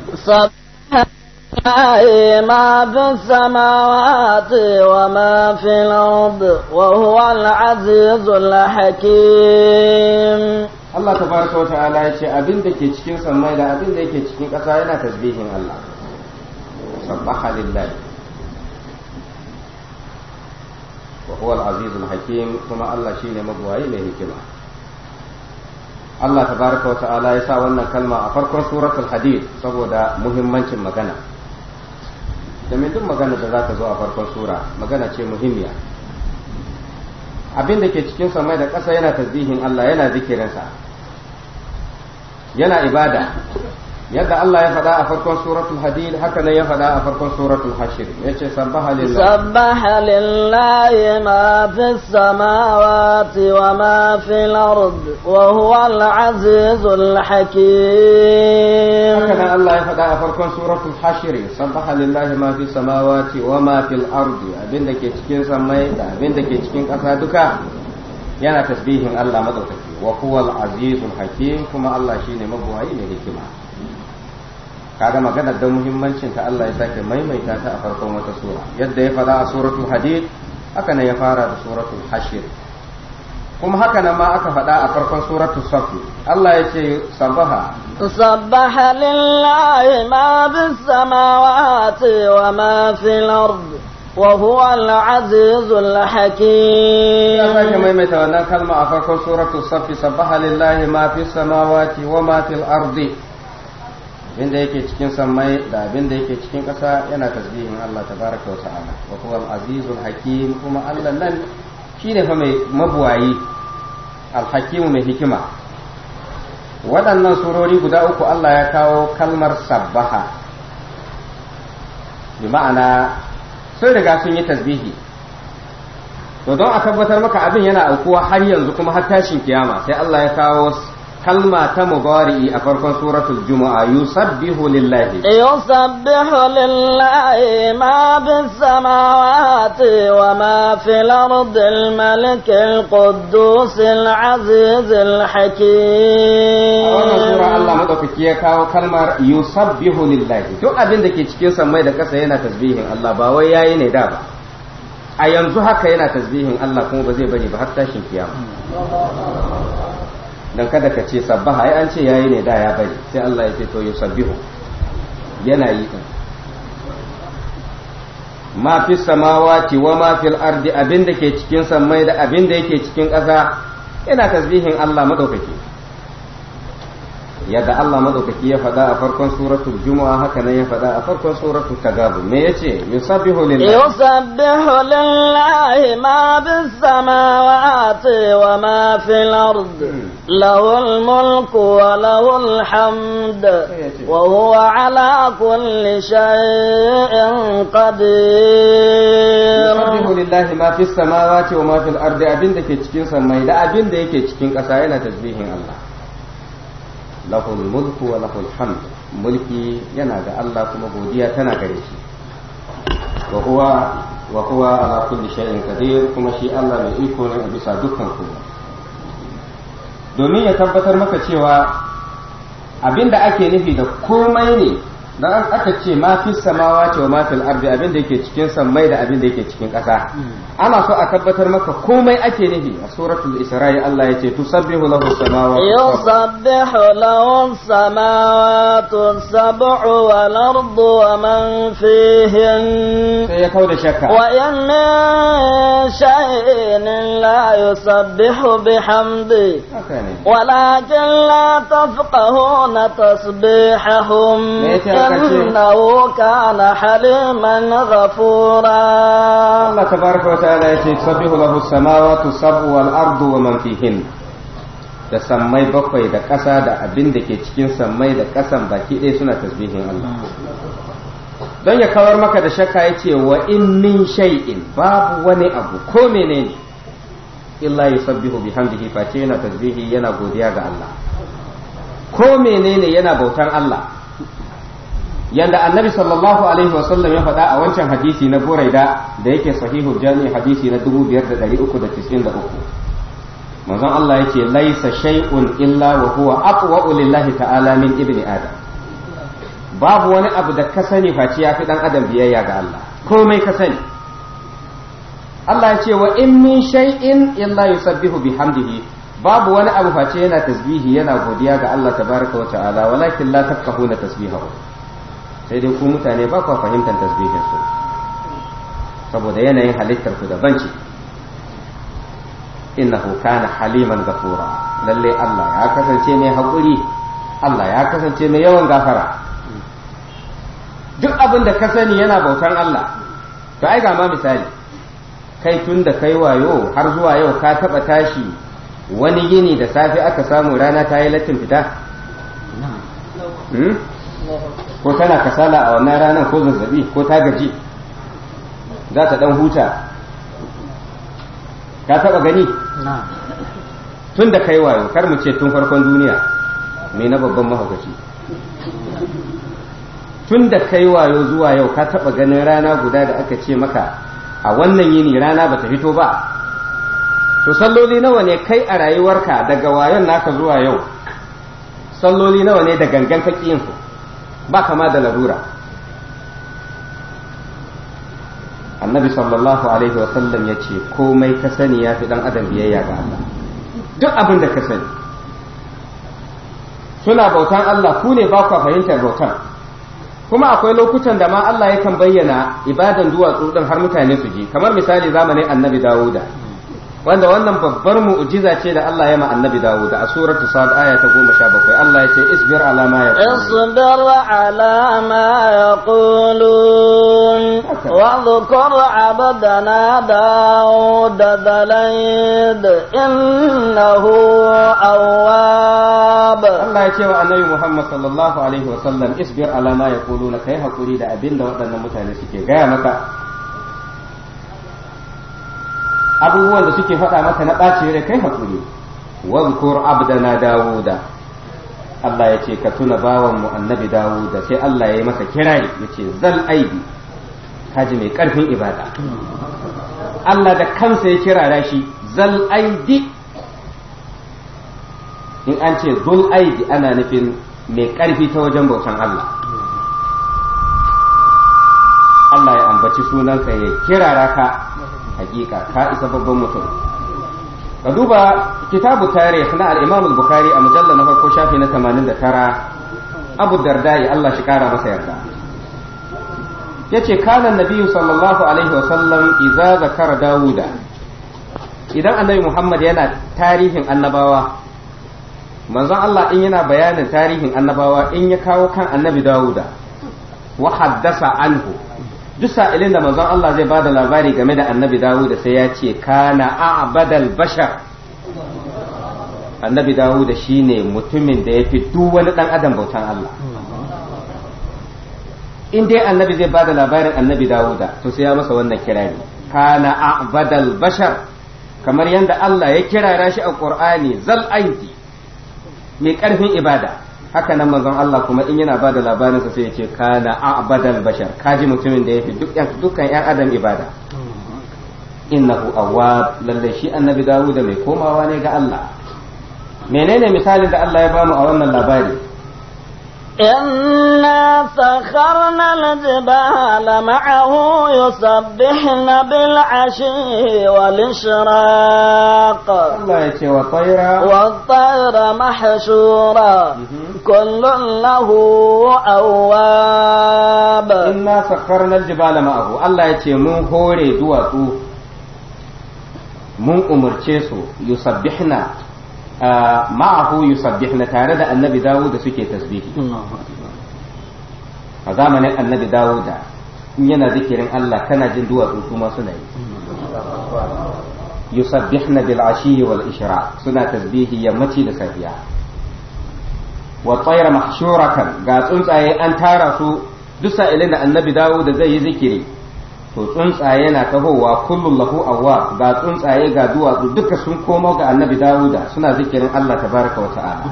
A: لله ما في السماوات وما في الأرض وهو العزيز الحكيم Allah ta baraka wata ala ya ce abin da ke cikin sammai da abin da yake cikin ƙasa yana tasbihin
D: Allah sabbaha lillahi wa huwa al-azizul hakim kuma Allah shi ne magwayi ne hikima Allah tabaraka wa ta'ala ya sa wannan kalma a farkon suratul hadid saboda muhimmancin magana domin duk magana da za ta zo a farkon sura magana ce muhimmiya abin da ke cikin samai da ƙasa yana tasbihin Allah yana zikirinsa yana ibada yadda Allah ya faɗa a farkon suratul hadid haka ne ya faɗa a farkon suratul hashir yace sabbaha lillahi
A: sabbaha lillahi ma fis samawati wa ma fil ard wa huwa al azizul hakim haka ne Allah ya faɗa a
D: farkon suratul hashir sabbaha lillahi ma fis samawati wa ma fil ard abinda ke cikin samai da abinda ke cikin ƙasa duka yana tasbihin Allah madaukaki wa huwa al azizul hakim kuma Allah shine mabuwayi ne hikima kaga magana da muhimmancin ta Allah ya sake maimaita ta a farkon wata sura yadda ya fada a suratul hadid haka nan ya fara da suratul hashir kuma haka nan ma aka faɗa a farkon suratul safi, Allah ya ce sabaha
A: sabbaha lillahi ma bis samawati wa ma fil ard wa huwa al azizul hakim ya sake
D: maimaita wannan kalma a farkon suratul saff sabbaha lillahi ma fis samawati wa ma fil ardi abin da yake cikin sammai da abin da yake cikin kasa yana tasbihin Allah baraka wa ta'ala wa kuwa al-azizul hakim kuma Allah nan shi ne fa mai mabuwayi alhakimu mai hikima waɗannan surori guda uku Allah ya kawo kalmar sabbaha bi ma'ana sun riga sun yi tasbihi to don a tabbatar maka abin yana aukuwa har yanzu kuma har tashin kiyama sai Allah ya kawo kalma ta mubari'i a farkon suratul juma'a yusabbihu lillahi
A: yusabbihu lillahi ma bis samawati wa ma fil ardi al malik al quddus al wannan sura Allah madaukaki ya kawo kalmar
D: bihu lillahi duk abin da ke cikin sammai da kasa yana tasbihin Allah ba wai yayi na da a yanzu haka yana tasbihin Allah kuma ba zai bari ba har tashin kiyama dan kada ka ce sabbaha ai an ce yayi ne da ya bari sai Allah ya ce to yusabbihu yana yi din ma fi samawati wa ma fil ardi abinda ke cikin sammai da abinda yake cikin ƙasa yana tasbihin Allah madaukaki yadda Allah madaukaki ya faɗa a farkon suratul Juma'a haka nan ya faɗa a farkon suratul Tagabun me yace yusabbihu lillahi
A: yusabbihu lillahi ma bis samawati wa ma fil ard hmm. lahul mulku wa lahul hamd wa huwa ala kulli shay'in qadir yusabbihu
D: lillahi ma fis samawati wa ma fil ard abinda ke cikin samai da abinda yake cikin ƙasa yana tasbihin Allah lahul mulku wa lahul hamd mulki yana ga Allah kuma godiya tana gare shi wa huwa wa huwa ala kulli shay'in qadir kuma shi Allah mai iko ne a bisa dukkan ku. domin ya tabbatar maka cewa abinda ake nufi da komai ne dan aka ce ma fi ce wa ma ardi da yake cikin sammai da abin da yake cikin ƙasa hmm. ana so a tabbatar maka komai ake nufi a suratul isra'i Allah yace tusabbihu lahu samawa
A: yusabbihu lahu samawati sab'u wal ardu wa man fihin sai
D: ya kauda shakka wa
A: in shay'in la yusabbihu bihamdi walakin la tafqahuna tasbihahum أنه كان حليما غفورا Allah تبارك
D: وتعالى ta'ala له السماوات السبع والأرض ومن فيهن da sammai bakwai da ƙasa da abin da ke cikin sammai da ƙasan baki ɗaya suna tasbihin Allah don ya kawar maka da shakka ce wa in min shay'in babu wani abu ko menene illa yusabbihu bihamdihi ce yana tasbihi yana godiya ga Allah ko menene yana bautan Allah yanda annabi sallallahu alaihi wa sallam ya faɗa a wancan hadisi na buraida da yake sahihu jami hadisi na 5393 manzon Allah yake laisa shay'un illa wa huwa aqwa lillahi ta'ala min ibni adam babu wani abu da ka sani face ya fi dan adam biyayya ga Allah komai ka sani Allah ya ce wa in min shay'in illa yusabbihu bihamdihi babu wani abu face yana tasbihi yana godiya ga Allah tabaraka wa ta'ala walakin la tafqahuna tasbihahu sai dai ku mutane ba kwa fahimtar tasbihin su saboda yanayin halittar ku banci ce innahu kana haliman gafura lalle Allah ya kasance mai haƙuri Allah ya kasance mai yawan gafara duk abin da ka sani yana bautan Allah to ai ga ma misali kai tun da kai wayo har zuwa yau ka taba tashi wani gini da safe aka samu rana ta yi lattin fita hmm? ko tana kasala a wannan ranar ko zazzabi ko ta gaji za ta dan huta ka taba gani tun da kai wayo kar mu ce tun farkon duniya me na babban mahaukaci tun da kai wayo zuwa yau ka taba ganin rana guda da aka ce maka a wannan yini rana ba ta fito ba to salloli nawa ne kai a rayuwarka daga wayon naka zuwa yau salloli nawa ne da gangan kakiyin su ba kama da larura annabi sallallahu alaihi wasallam ya ce komai ka sani ya fi dan adam biyayya ga Allah duk abin da ka sani suna bautan Allah ku ne ba kwa fahimtar bautan kuma akwai lokutan da ma Allah yakan bayyana ibadan duwatsu din har mutane su ji kamar misali zamanin annabi Dawuda wanda wannan babbar mu'jiza ce da Allah ya ma annabi Dawud a suratu Sad aya ta 17 Allah ya ce isbir ala ma yaqulun isbir
A: ala ma yaqulun wa dhkur abadana Dawud dalaid innahu awwab Allah
D: ya ce wa annabi Muhammad sallallahu alaihi wa isbir ala ma yaquluna kai hakuri da abinda waɗannan mutane suke gaya maka abubuwan da suke faɗa maka na ɓace da kai haƙuri wazkur abdana dawuda Allah ya ce ka tuna bawan mu annabi dawuda sai Allah ya yi masa kirari ya ce zal aibi haji mai ƙarfin ibada Allah da kansa ya kirara shi zal aidi in an ce zul aidi ana nufin mai ƙarfi ta wajen bautan Allah Allah ya ambaci sunansa ya kirara ka hakika ka isa babban mutum ka duba kitabu tarikh na al-imam al-bukhari a mujalla na farko shafi na 89 abu dardai Allah shi kara masa yarda yace kana nabiyyu sallallahu alaihi wa sallam idza zakara dauda idan annabi muhammad yana tarihin annabawa manzon Allah in yana bayanin tarihin annabawa in ya kawo kan annabi dauda wa haddasa anhu duk sa'ilin da manzon Allah zai bada labari game da annabi Dawud sai ya ce kana a'badal bashar annabi Dawud shine mutumin da yafi duk wani dan adam bautan Allah in dai annabi zai bada labarin annabi Dawuda to sai ya masa wannan kirari kana a'badal bashar kamar yadda Allah ya kirara shi a Qur'ani zal aidi mai karfin ibada haka nan manzon Allah kuma in yana bada labarin sa sai ya ce kana a'badal bashar kaji mutumin da yafi fi dukkan yan adam ibada innahu awwab lalle shi annabi Dawud mai komawa ne ga Allah menene misalin da Allah ya bamu a wannan labari
A: إنا سخرنا الجبال معه يسبحن بالعشي والإشراق والطير والطير محشورا كل له أواب
D: إنا سخرنا الجبال معه الله يتي من هوري دواتو من أمرتيسو يسبحنا ma'ahu yusabbihna tare da annabi dawuda suke tasbihi a zamanin annabi dawuda in yana zikirin Allah kana jin duwatsu su ma suna yi yusabbihna bil ashiyi wal ishra suna tasbihi yammaci da safiya wa mashura mahshuratan ga tsuntsaye an tara su duk sa'ilin da annabi dawuda zai yi zikiri to tsuntsaye na tahowa kullum lahu awwa ga tsuntsaye ga duwatsu duka sun komo ga annabi dawuda suna zikirin allah tabaraka wa ta'ala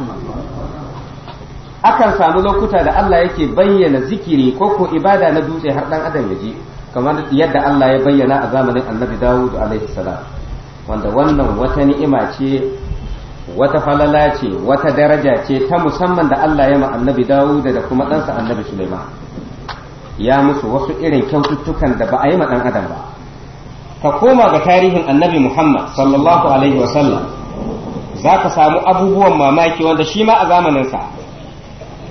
D: akan samu lokuta da Allah yake bayyana zikiri ko ko ibada na dutse har dan adam ya kamar yadda Allah ya bayyana a zamanin Annabi Dawud alaihi salam wanda wannan wata ni'ima ce wata falala ce wata daraja ce ta musamman da Allah ya ma Annabi Dawud da kuma ɗansa Annabi Sulaiman ya musu wasu irin kyaututtukan da ba a yi ma ɗan adam ba ka koma ga tarihin annabi muhammad sallallahu alaihi wasallam za ka samu abubuwan mamaki wanda shi ma a zamaninsa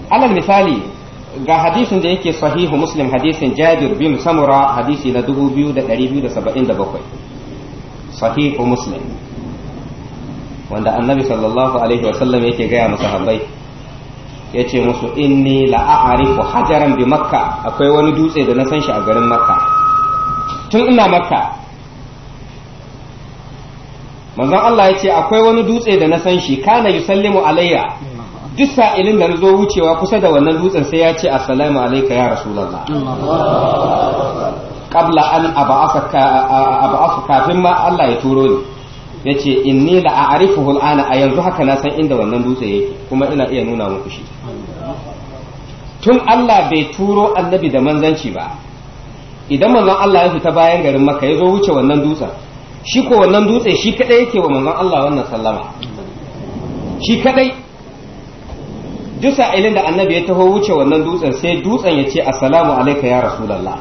D: alal misali ga hadisin da yake sahihu muslim hadisin jabir bin samura hadisi na 2277 sahihu muslim wanda annabi sallallahu alaihi wasallam yake gaya musahabbai ya ce musu inni la'arifu hajaran bi makka akwai wani dutse da na san shi a garin makka tun ina makka manzon Allah ya ce akwai wani dutse da na san shi kana yusallimu alayya duk sa'ilin da na zo wucewa kusa da wannan dutsen sai ya ce assalamu alayka ya rasulullah qabla an aba'afa kafin ma Allah ya turo ni yace inni la a'rifuhu al'ana a yanzu haka na san inda wannan dutse yake kuma ina iya nuna muku shi tun Allah bai turo annabi da manzanci ba idan manzon Allah ya fita bayan garin Makka ya zo wuce wannan dutsen shi ko wannan dutse shi kadai yake wa manzon Allah wannan sallama shi kadai duk sa'ilin da annabi ya taho wuce wannan dutsen sai dutsen ya ce assalamu alayka ya rasulullah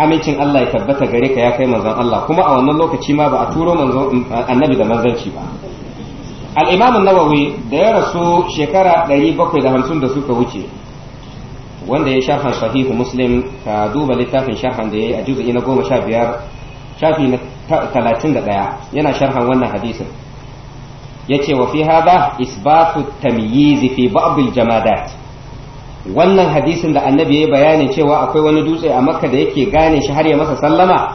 D: amincin Allah ya tabbata gare ka ya kai manzon Allah kuma a wannan lokaci ma ba a turo manzon annabi da manzanci ba al-imam an-nawawi da ya rasu shekara 750 da suka wuce wanda ya sharha sahihu muslim ka duba littafin sharhan da yayi a juz'i na 15 shafi na 31 yana sharhan wannan hadisin yace wa fi hadha isbatu tamyiz fi ba'd al-jamadat wannan hadisin da annabi ya yi bayanin cewa akwai wani dutse a makka da yake gane shi har ya masa sallama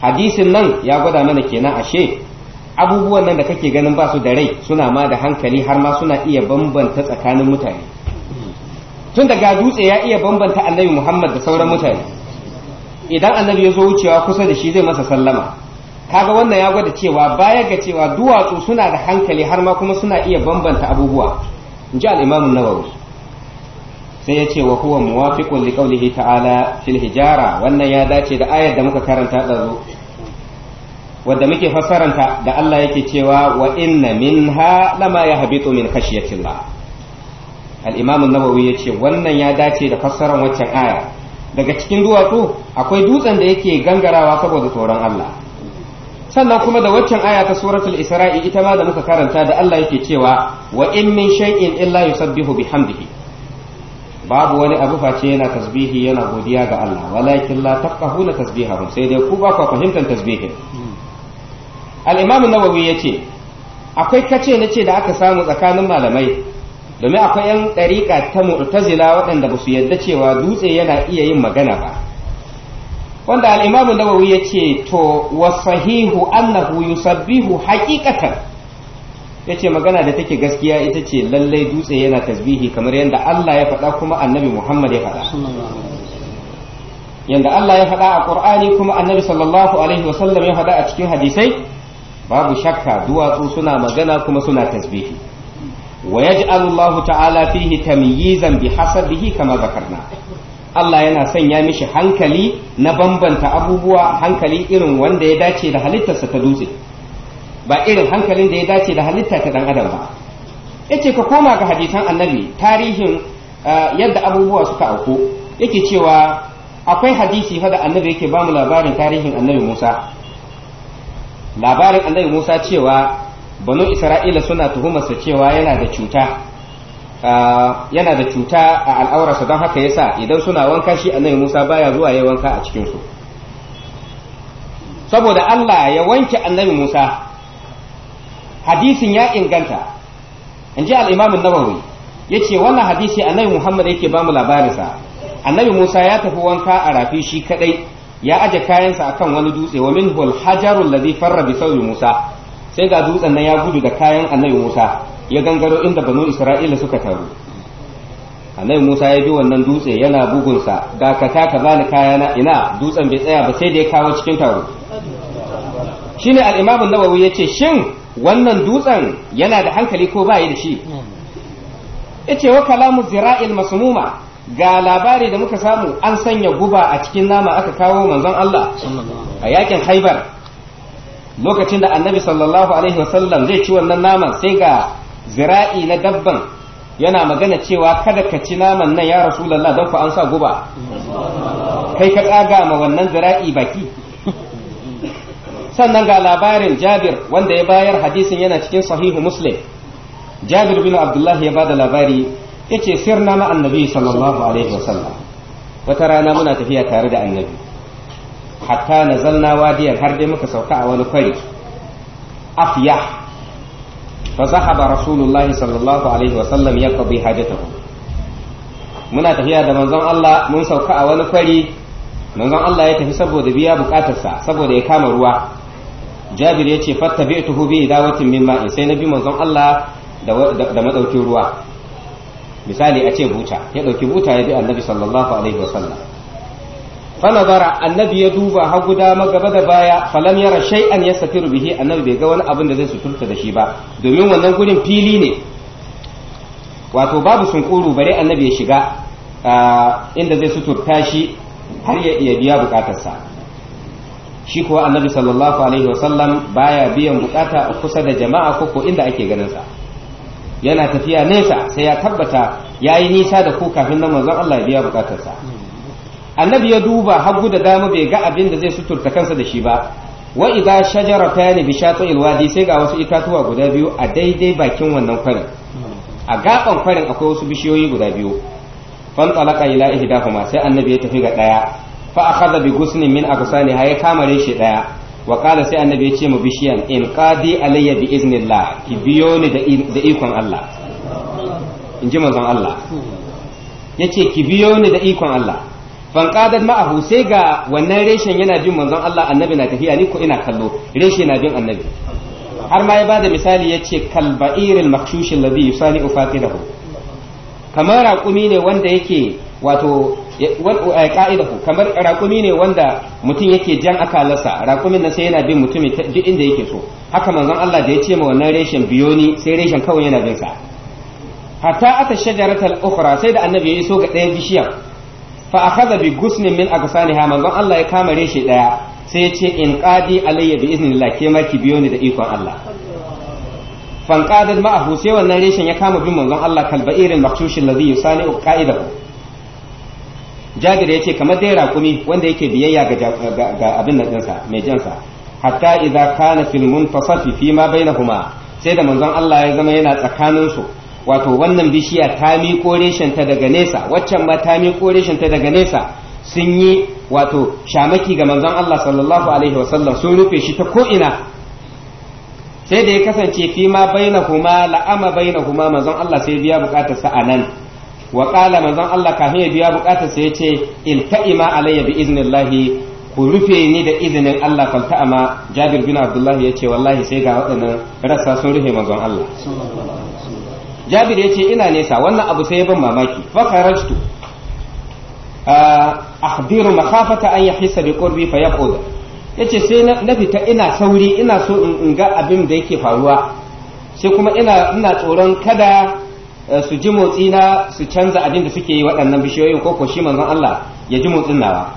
D: hadisin nan ya gwada mana kenan ashe abubuwan nan da kake ganin ba su da rai suna ma da hankali har ma suna iya bambanta tsakanin mutane tun daga dutse ya iya bambanta annabi muhammad da sauran mutane idan annabi ya zo wucewa kusa da shi zai masa sallama kaga wannan ya gwada cewa baya ga cewa duwatsu suna da hankali har ma kuma suna iya bambanta abubuwa in ji al'imamun nawawi sai ya ce wa huwa muwafiqun li qawlihi ta'ala fil hijara wannan ya dace da ayar da muka karanta dazu wanda muke fassaranta da Allah yake cewa wa inna minha lama yahbitu min khashyatillah al-imam an-nawawi yace wannan ya dace da fassaran waccan aya daga cikin duwatsu akwai dutsen da yake gangarawa saboda tsoron Allah sannan kuma da waccan aya ta suratul isra'i ita ma da muka karanta da Allah yake cewa wa in min shay'in illa yusabbihu bihamdihi babu wani abu face yana tasbihi yana godiya ga Allah walakin la tafqahuna tasbihahum sai dai ku ba ku fahimtar tasbihi. al-imam an-nawawi yace akwai kace nace da aka samu tsakanin malamai domin akwai yan dariƙa ta mu'tazila waɗanda ba su yarda cewa dutse yana iya yin magana ba wanda al-imam an-nawawi yace to wasahihu annahu yusabbihu haqiqatan ya ce magana da take gaskiya ita ce lallai dutse yana tasbihi kamar yadda Allah ya faɗa kuma annabi Muhammad ya faɗa yadda Allah ya faɗa a Qur'ani kuma annabi sallallahu alaihi wasallam ya faɗa a cikin hadisai babu shakka duwatsu suna magana kuma suna tasbihi wa yaj'alu Allah ta'ala fihi tamyizan bi hasabihi kama zakarna Allah yana sanya mishi hankali na bambanta abubuwa hankali irin wanda ya dace da halittarsa ta dutse ba irin hankalin da ya dace da halitta ta dan adam ba yace ka koma ga hadisan annabi tarihin uh, yadda abubuwa suka auku yake cewa akwai hadisi fa da annabi yake ba mu labarin tarihin annabi Musa labarin annabi Musa cewa banu Isra'ila suna tuhumarsa cewa yana da cuta uh, yana da cuta a al'aurarsa don haka yasa idan suna wanka shi annabi Musa baya zuwa ya wanka a cikin su saboda Allah ya wanke annabi Musa hadisin ya inganta in ji al’imamun ya ce yace wannan hadisi annabi Muhammad yake ba mu labarinsa annabi Musa ya tafi wanka a rafi shi kadai ya aje kayansa akan wani dutse wa minhu hajarun hajarul ladhi farra bi Musa sai ga dutsen nan ya gudu da kayan annabi Musa ya gangaro inda banu Isra'ila suka taru annabi Musa ya bi wannan dutse yana bugunsa ga ka ka bani kayana ina dutsen bai tsaya ba sai da ya kawo cikin taro shi ne al'imamin an-nawawi yace shin wannan dutsen yana da hankali ko ba da shi yace wa kalamu zira'il masmuma ga labari da muka samu an sanya guba a cikin nama aka kawo manzon Allah a yakin Khaibar lokacin da Annabi sallallahu alaihi wasallam zai ci wannan naman sai ga zira'i na dabban yana magana cewa kada ka ci naman nan ya rasulullah don ku an sa guba kai ka tsaga ma wannan zira'i baki sannan ga labarin jabir wanda ya bayar hadisin yana cikin sahihu muslim jabir bin abdullah ya bada labari yace sirna na annabi sallallahu alaihi wasallam wata rana muna tafiya tare da annabi hatta nazalna wadiyan har dai muka sauka a wani kwari afyah fa zahaba rasulullahi sallallahu alaihi wasallam ya hajatahu muna tafiya da manzon Allah mun sauka a wani kwari manzon Allah ya tafi saboda biya bukatarsa saboda ya kama ruwa jabir ya ce fatta bi tuhu bi dawatin min ma'in sai na bi manzon Allah da madaukin ruwa misali a ce buta ya dauki buta ya bi annabi sallallahu alaihi wasallam fanazara annabi ya duba hagu dama gaba da baya falam yara shay'an yastafiru bihi annabi bai ga wani abin da zai suturta da shi ba domin wannan gurin fili ne wato babu sunkuru bare annabi ya shiga ah, inda zai suturta shi har ya biya bukatarsa shi kuwa annabi sallallahu alaihi wasallam baya biyan bukata a kusa da jama'a ko inda ake ganin sa yana tafiya nesa sai ya tabbata ya yi nisa da ku kafin nan manzon Allah ya biya bukatarsa annabi ya duba hagu da dama bai ga abin da zai suturta kansa da shi ba wa idza shajaratan bi shatil wadi sai ga wasu itatuwa guda biyu a daidai bakin wannan kwarin a gaban kwarin akwai wasu bishiyoyi guda biyu fan talaka ila ihdahuma sai annabi ya tafi ga daya fa akhadha bi ghusnin min aghsani ya kama reshe daya wa qala sai annabi ya ce mu bishiyan in qadi alayya bi iznillah ki biyo ni da ikon Allah in ji manzon Allah yace ki biyo ni da ikon Allah fan ma ma'ahu sai ga wannan reshen yana bin manzon Allah annabi na tafiya ni ko ina kallo reshe na bin annabi har ma ya bada misali yace kalba'iril makshushin alladhi yusani ufatilahu kamar raƙumi ne wanda yake wato qa'idahu eh, kamar raƙumi ne wanda mutum yake jan akalarsa raƙumin nan sai yana bin mutum duk inda yake so haka manzon Allah da ya ce ma wannan reshen biyoni sai reshen kawai yana bin sa hatta ata shajaratal ukhra sai da annabi ya iso ga ɗayan bishiyar fa akhadha bi gusnin min aqsaniha manzon Allah ya kama reshe daya sai ya ce in qadi alayya bi iznillah ke ma ki biyoni da ikon Allah fanqadat ma'ahu sai wannan reshen ya kama bin manzon Allah kalba irin maqtushin ladhi yusani qa'idahu jabir ya ce kamar dai rakumi wanda yake biyayya ga abin nan dinsa mai jansa hatta idza kana fil munfasafi fi ma bainahuma sai da manzon Allah ya zama yana tsakanin su wato wannan bishiya ta miƙo ta daga nesa waccan ma ta miƙo ta daga nesa sun yi wato shamaki ga manzon Allah sallallahu alaihi wasallam sun rufe shi ta ko'ina sai da ya kasance fi ma bainahuma la'ama bainahuma manzon Allah sai biya bukatar sa anan wa qala manzon Allah kafin ya biya bukatar sa yace ilta'ima alayya bi iznillahi ku rufe ni da izinin Allah amma Jabir bin Abdullah yace wallahi sai ga waɗannan rassa sun rufe manzon Allah Jabir yace ina nesa wannan abu sai ya ban mamaki fa kharajtu ah, akhbiru makhafata an yahissa fa yace sai na fita ina sauri ina so in ga abin da yake faruwa sai kuma ina ina tsoron kada Eh, su ji motsi na su canza abin da suke yi waɗannan bishiyoyin ko ko shi manzon Allah ya ji motsin nawa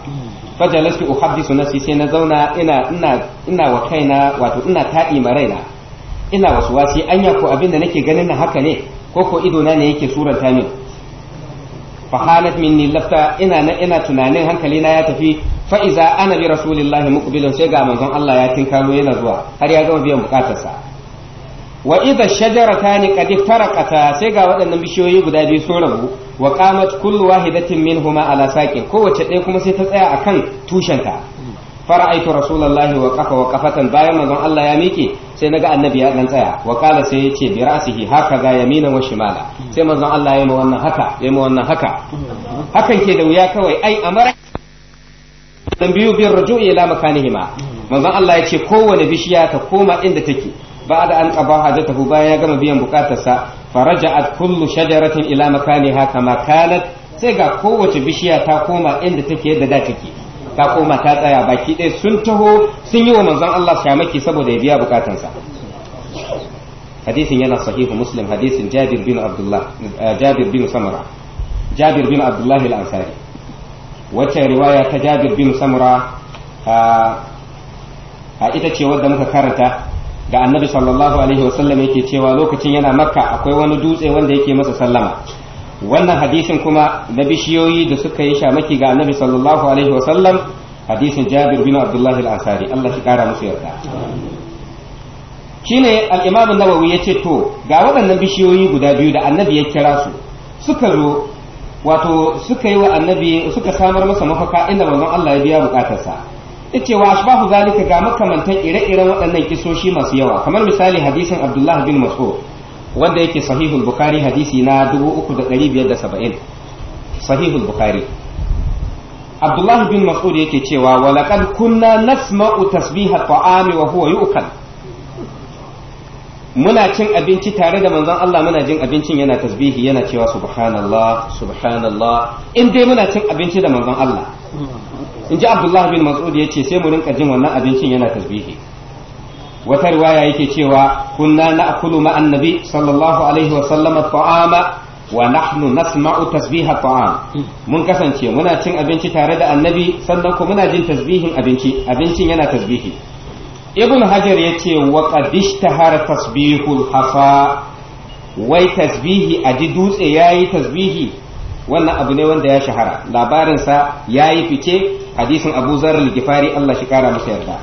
D: fajalastu uhaddisu nafsi sai na zauna ina ina ina wa kaina wato ina taɗi ma raina ina wasu wasi anya ko abin da nake ganin na haka ne ko ko ido na ne yake suranta min fa halat minni lafta ina na ina tunanin hankali na ya tafi fa iza ana bi rasulillahi muqbilan sai ga manzon Allah ya tinkaro yana zuwa har ya gama biyan bukatarsa wa idha shajaratani qad faraqata sai ga waɗannan bishiyoyi guda biyu sun rabu wa qamat kullu wahidatin minhuma ala saqin kowace ɗaya kuma sai ta tsaya akan tushenta fara'aitu rasulullahi wa qafa wa qafatan bayan manzon Allah ya miƙe sai naga annabi ya dan tsaya wa qala sai ya ce bi ra'sihi haka ga yamina wa shimala sai manzon Allah ya yi wannan haka ya yi wannan haka hakan ke da wuya kawai ai amara dan biyu bin ruju'i ila makanihima manzon Allah ya ce kowane bishiya ta koma inda take بعد أن قضى حاجته بايا قام بيان بكاتسا فرجعت كل شجرة إلى مكانها كما كانت سيقا قوة بشيا تقوم عند تكي داتك تقوم تاتايا باكي سنته سنيو منظم الله شامكي سبو دي بيا بكاتنسا hadisin yana sahihu muslim hadisin jabir bin abdullah jabir bin samura jabir bin abdullah al-ansari wacce riwaya ta jabir samura a ita ce wadda muka karanta da annabi sallallahu alaihi wasallam yake cewa lokacin yana makka akwai wani dutse wanda yake masa sallama wannan hadisin kuma na bishiyoyi da suka yi shamaki ga annabi sallallahu alaihi wasallam hadisin jabir bin abdullahi al-ansari Allah shi kara musu yarda shine al-imam an-nawawi yace to ga waɗannan bishiyoyi guda biyu da annabi ya kira su suka zo wato suka yi wa annabi suka samar masa mafaka inda manzon Allah ya biya bukatarsa yace wa asbahu zalika ga makamantan ire-iren waɗannan kisoshi masu yawa kamar misali hadisin Abdullah bin Mas'ud wanda yake sahihul bukhari hadisi na 3570 sahihul bukhari Abdullah bin Mas'ud yake cewa wa laqad kunna nasma'u tasbiha ta'ami wa huwa yu'kal muna cin abinci tare da manzon Allah muna jin abincin yana tasbihi yana cewa subhanallah subhanallah in dai muna cin abinci da manzon Allah in ji abdullahi bin mas'ud ya ce sai mu rinka jin wannan abincin yana tasbihi wata riwaya yake cewa kunna na'kulu ma annabi sallallahu alaihi wa sallama ta'ama wa nahnu nasma'u tasbiha ta'am mun kasance muna cin abinci tare da annabi sannan ko muna jin tasbihin abinci abincin yana tasbihi ibn hajar yace wa qad tasbihul hafa wai tasbihi a ji dutse yayi tasbihi wannan abu ne wanda ya shahara labarinsa ya yi fice hadisin abu zarar gifari Allah shi kara masa yarda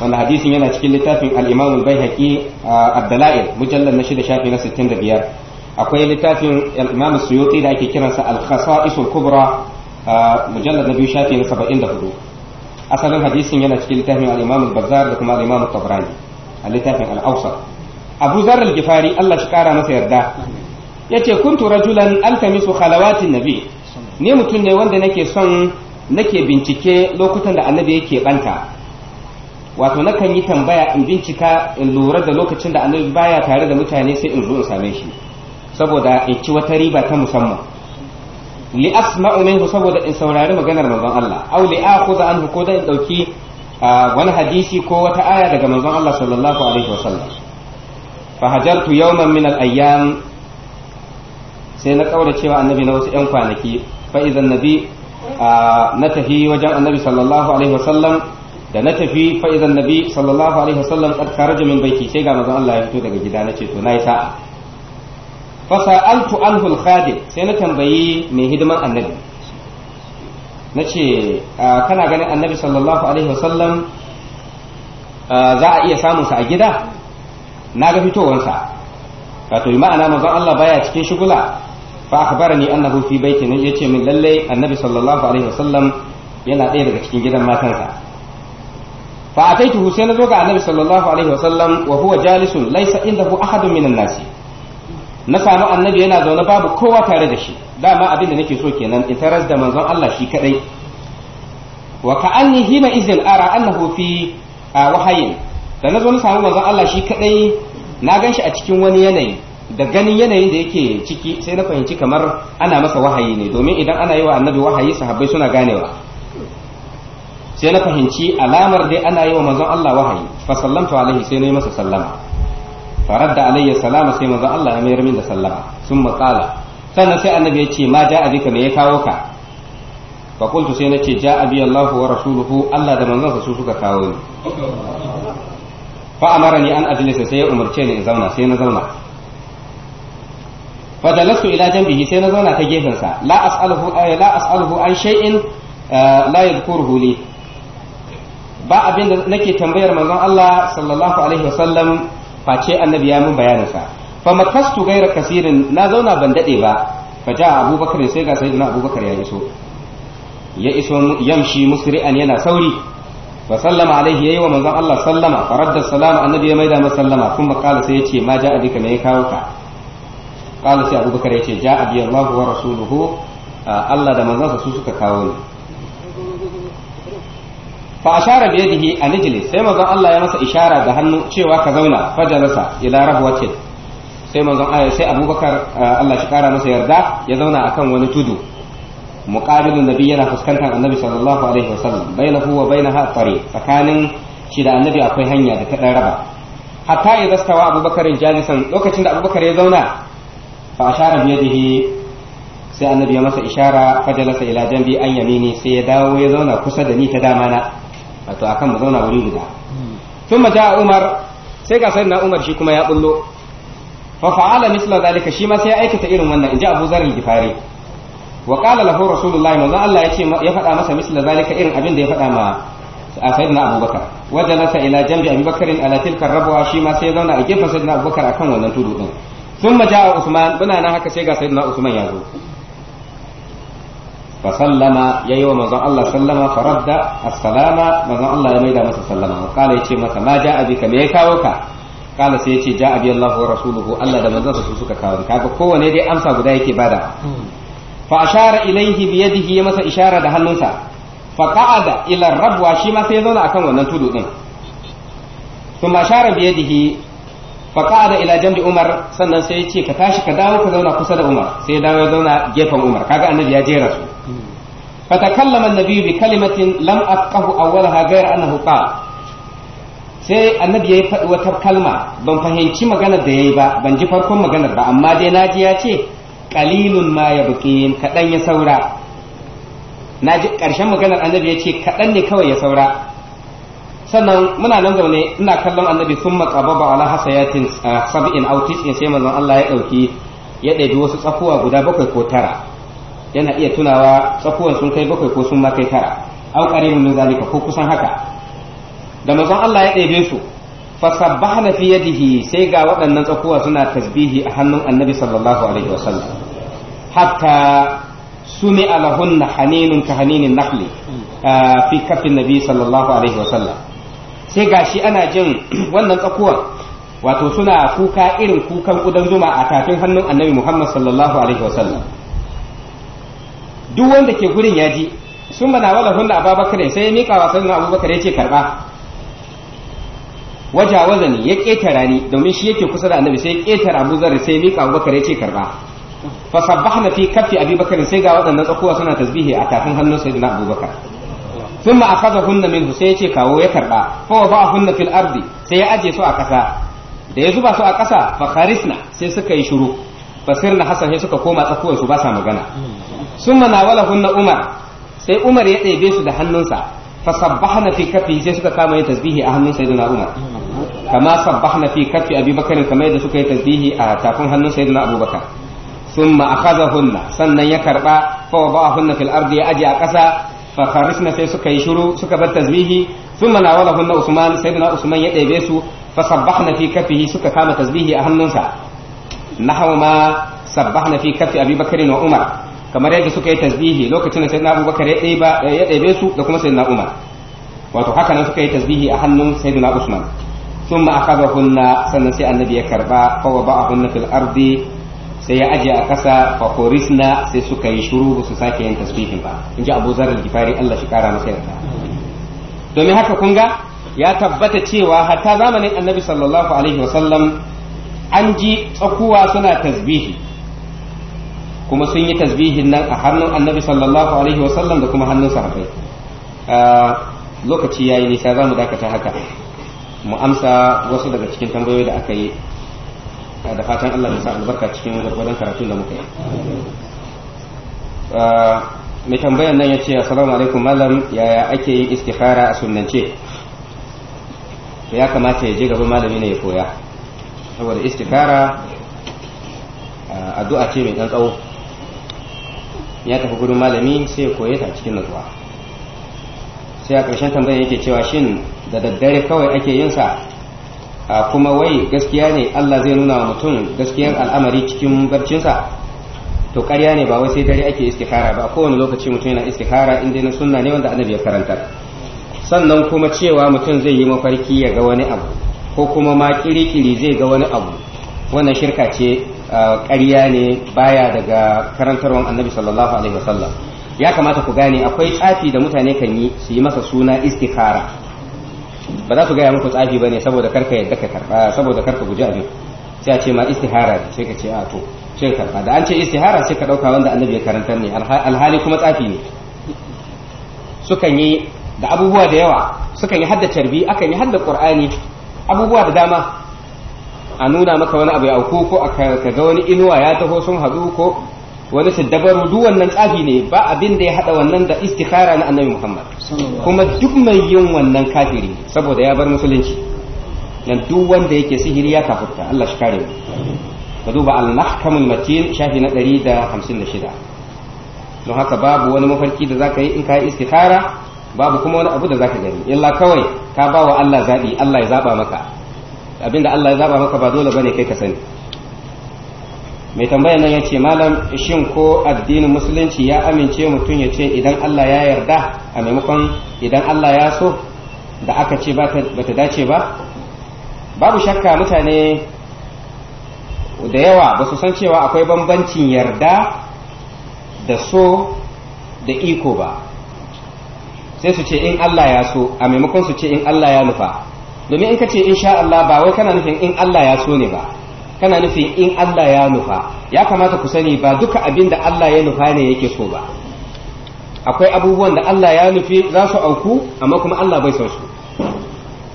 D: wanda hadisin yana cikin littafin al-imam al-baihaqi ad mujallal na shida shafi na 65 akwai littafin al-imam suyuti da ake kiransa al-khasa'is al-kubra mujallal na biyu shafi na 74 asalin hadisin yana cikin littafin al-imam al-bazzar da kuma al-imam at-tabrani al-littafin al-awsat abu zarar gifari Allah shi kara masa yarda yace kuntu rajulan altamisu khalawatin nabi ni mutum ne wanda nake son nake bincike lokutan da annabi yake banta wato nakan yi tambaya in bincika in lura da lokacin da annabi baya tare da mutane sai in zo in same shi saboda in ci wata riba ta musamman li asma'u minhu saboda in saurari maganar manzon Allah aw li akhudha anhu ko da in dauki wani hadisi ko wata aya daga manzon Allah sallallahu alaihi wasallam fa hajartu yawman min al-ayyam sai na kaura cewa annabi na wasu 'yan kwanaki fa'izan nabi na tafi wajen annabi sallallahu alaihi wasallam da na tafi fa'izan nabi sallallahu alaihi wasallam tsarkar jamin baiki sai ga mazan Allah ya fito daga gida na ce to na yi sa'a fasa'altu anhul khadim sai na tambayi mai hidiman annabi na ce kana ganin annabi sallallahu alaihi wasallam za a iya samunsa a gida na ga fitowarsa wato ma'ana manzon Allah baya cikin shugula fa akhbarani annahu fi baiti ya yace min lalle annabi sallallahu alaihi wasallam yana ɗaya daga cikin gidan matansa fa ataitu sai na zo ga annabi sallallahu alaihi wasallam wa huwa jalisun laysa indahu ahadun minan nasi na samu annabi yana zaune babu kowa tare da shi dama abin da nake so kenan in taras da manzon Allah shi kadai wa ka'anni hina izin ara annahu a ah, wahayin da na zo na sami manzon Allah shi kadai na gan shi a cikin wani yanayi da ganin yanayin da yake ciki sai na fahimci kamar ana masa wahayi ne domin idan ana yi wa annabi wahayi sahabbai suna ganewa sai na fahimci alamar dai ana yi wa manzon Allah wahayi fa sallamtu alaihi sai na yi masa sallama radda alayya salama sai manzon Allah ya mayar min da sallama sun matsala sannan sai annabi ya ce ma ja'a bika me ya kawo ka fa qultu sai ce ja'a bi Allahu wa rasuluhu Allah da manzon sa su suka kawo ni fa amarani an ajlisa sai ya umarce ni in zauna sai na zauna fa jalastu ila janbihi sai na zauna ta gefen sa la as'aluhu eh, la as'aluhu an shay'in eh, la yadhkuruhu li ba abin da nake tambayar manzon Allah sallallahu alaihi wasallam face annabi ya mun bayanin sa fa makastu gaira kasirin na zauna ban dade ba fa ja abubakar sai ga sayyidina abubakar ya iso ya iso yamshi musri'an yana sauri fa sallama alaihi yayi wa manzon Allah sallama fa radda salam annabi ya maida masa sallama kuma kala sai ya ce ma ja'a bika me ya kawo ka qala sai abubakar yace ja'a bi Allah wa rasuluhu Allah da manzansa su suka kawo ni fa ashara bi yadihi an ijlis sai mazan Allah ya masa ishara da hannu cewa ka zauna fajalasa ila rahwatin sai manzon Allah sai abubakar Allah shi kara masa yarda ya zauna akan wani tudu muqabilun nabi yana fuskantar annabi sallallahu alaihi wasallam bainahu wa bainaha tariq tsakanin shi da annabi akwai hanya da ta dan raba hatta idza stawa abubakar jalisan lokacin da abubakar ya zauna fa ashara bi yadihi sai annabi ya masa ishara fajalasa ila janbi an yamini sai ya dawo ya zauna kusa da ni ta dama na wato akan mu zauna wuri guda thumma ja'a umar sai ga sayyidina umar shi kuma ya bullo fa fa'ala misla zalika shi ma sai ya aikata irin wannan inji abu zar al-gifari wa qala lahu rasulullahi manzo Allah yace ya faɗa masa misla zalika irin abin ya faɗa ma sayyidina abubakar wajalasa ila shi ma sai ya zauna a gefen abubakar akan wannan tudu thumma ja'a usman muna nan haka sai ga sayyidina usman ya zo fa sallama yayi wa manzon Allah sallama faradda as-salama manzon Allah ya maida masa sallama kala yace masa ma ja'a bika me ya kawo ka kala sai yace ja'a bi Allah wa rasuluhu Allah da manzon su suka kawo kaga kowane dai amsa guda yake bada fa ashara ilaihi bi yadihi ya masa ishara da hannunsa fa qa'ada ila rabwa shi ma sai ya zauna akan wannan tudu din kuma ashara yadihi faqa'ada da ila jambi umar sannan sai ya ce ka tashi ka dawo ka zauna kusa da umar sai ya dawo ya zauna gefen umar kaga annabi ya jera su fa takallama annabi bi kalimatin lam aqahu awwalaha ghayra annahu qala sai annabi ya faɗi wata kalma ban fahimci maganar da yayi ba ban ji farkon maganar ba amma dai naji ya ce qalilun ma yabqin kadan ya saura naji karshen maganar annabi ya ce kadan ne kawai ya saura sannan muna nan zaune ina kallon annabi sun ba ala hasayatin ah, sab'in aw tis'in sai manzon Allah ya dauki ya ɗabi wasu tsakuwa guda bakwai ko tara yana iya tunawa tsakuwan sun kai bakwai ko sun ma kai tara aw qaribun min zalika ko kusan haka da manzon Allah ya ɗebe su sabbahna fi yadihi sai ga waɗannan tsakuwa suna tasbihi a hannun annabi sallallahu alaihi wasallam hatta sumi alahunna haninun ka haninin nahli ah, fi kafin nabi sallallahu alaihi wasallam sai ga shi ana jin wannan tsakuwar wato suna kuka irin kukan kudan zuma a tafin hannun annabi muhammad sallallahu alaihi wasallam duk wanda ke gurin ya ji sun bana wala hunna ababakar sai ya miƙa wasan na abubakar ya ce karba waja wazani ya ƙetara ni domin shi yake kusa da annabi sai ya ƙetara abu zarri sai ya miƙa abubakar ya ce karba fa sabbahna fi kaffi abubakar sai ga waɗannan tsakuwa suna tasbihi a tafin hannun sayyidina abubakar thumma akhadhahunna minhu sai ya ce kawo ya karba fa wada'ahunna fil ardi sai ya aje su a kasa da ya zuba su a kasa fa kharisna sai suka yi shiru basirna hasan sai suka koma tsakuwar su ba sa magana summa nawalahunna umar sai umar ya ɗebe su da hannunsa fa sabbahna fi kafi sai suka kama yin tasbihi a hannun sayyidina umar kama sabbahna fi kafi abubakar kamar yadda suka yi tasbihi a tafin hannun sayyidina abubakar summa akhadhahunna sannan ya karba fa hunna fil ardi ya aje a kasa fa sai suka yi shiru suka bar tasbihi thumma nawalahunna usman sayyidina usman ya ɗebe su fa sabbahna fi kafihi suka kama tasbihi a hannunsa nahwa ma sabbahna fi kafi abi bakari wa umar kamar yadda suka yi tasbihi lokacin da sayyidina abubakar ya ɗebe su da kuma sayyidina umar wato haka suka yi tasbihi a hannun sayyidina usman ثم أخذهن سنسي النبي كربا فوضعهن في الأرض sai ya aje a ƙasa fa sai suka yi shuru ba su sake yin tasbihin ba in ji Abu Zarar Gifari Allah shi kara masa yarda domin haka kun ga ya tabbata cewa hatta zamanin Annabi sallallahu alaihi wasallam an ji tsakuwa suna tasbihi kuma sun yi tasbihin nan a hannun Annabi sallallahu alaihi wasallam da kuma hannun sahabbai ah, lokaci yayi nisa za mu dakata haka mu amsa wasu daga cikin tambayoyi da aka yi da fatan Allah ya sa albarka cikin gwargwadon karatun da muka yi ah, mai tambayan nan ya ce assalamu alaikum malam yaya ake yin istikhara a sunnance ya kamata ya je gaba malami ne ya koya saboda istikhara ah, addu'a ce mai dan tsawo ya tafi gurin malami sai ya koye ta cikin natsuwa sai a ƙarshen tambayar yake cewa shin da daddare kawai ake yin sa kuma wai gaskiya ne Allah zai nuna wa mutum gaskiyar al'amari cikin barcinsa to ƙarya ne ba wai sai dare ake istikhara ba kowane lokaci mutum yana istikhara in dai na sunna ne wanda annabi ya karanta sannan kuma cewa mutum zai yi mafarki ya ga wani abu ko kuma ma kirikiri zai ga wani abu wannan shirka ce ƙarya ne baya daga karantarwar annabi sallallahu alaihi wasallam ya kamata ku gane akwai tsafi da mutane kan yi su yi masa suna istikhara ba za su gaya muku tsafi ba ne saboda karka yadda ka karba saboda karka guji abin sai a ce ma istihara sai ka ce a to sai ka karba da an ce istihara sai ka dauka wanda annabi ya karantar ne alhali kuma tsafi ne sukan yi da abubuwa da yawa sukan yi hadda tarbi akan yi hadda qur'ani abubuwa da dama a nuna maka wani abu ya auku ko ka ga wani inuwa ya taho sun hadu ko wani sadabaru duk wannan tsafi ne ba abin da ya hada wannan da istikhara na annabi Muhammad kuma duk mai yin wannan kafiri saboda ya bar musulunci nan duk wanda yake sihiri ya kafurta Allah shi kare ka duba al-mahkamul matin shafi na 156 don haka babu wani mafarki da zaka yi in ka yi istikhara babu kuma wani abu da zaka gani illa kawai ka ba wa Allah zabi Allah ya zaba maka abinda Allah ya zaba maka ba dole bane kai ka sani mai tambaya nan ya ce malam shin ko addinin musulunci ya amince mutum ya ce idan Allah ya yarda a maimakon idan Allah ya so da aka ce ba ta dace ba babu shakka mutane da yawa ba su san cewa akwai bambancin yarda da so da iko ba sai su ce in Allah ya so a maimakon su ce in Allah ya nufa domin in ka ce in sha Allah ba wai kana nufin in Allah ya so ne ba kana nufin in Allah ya nufa ya kamata ku sani ba duka abin da Allah ya nufa ne yake so ba akwai abubuwan da Allah ya nufi za su auku amma kuma Allah bai so su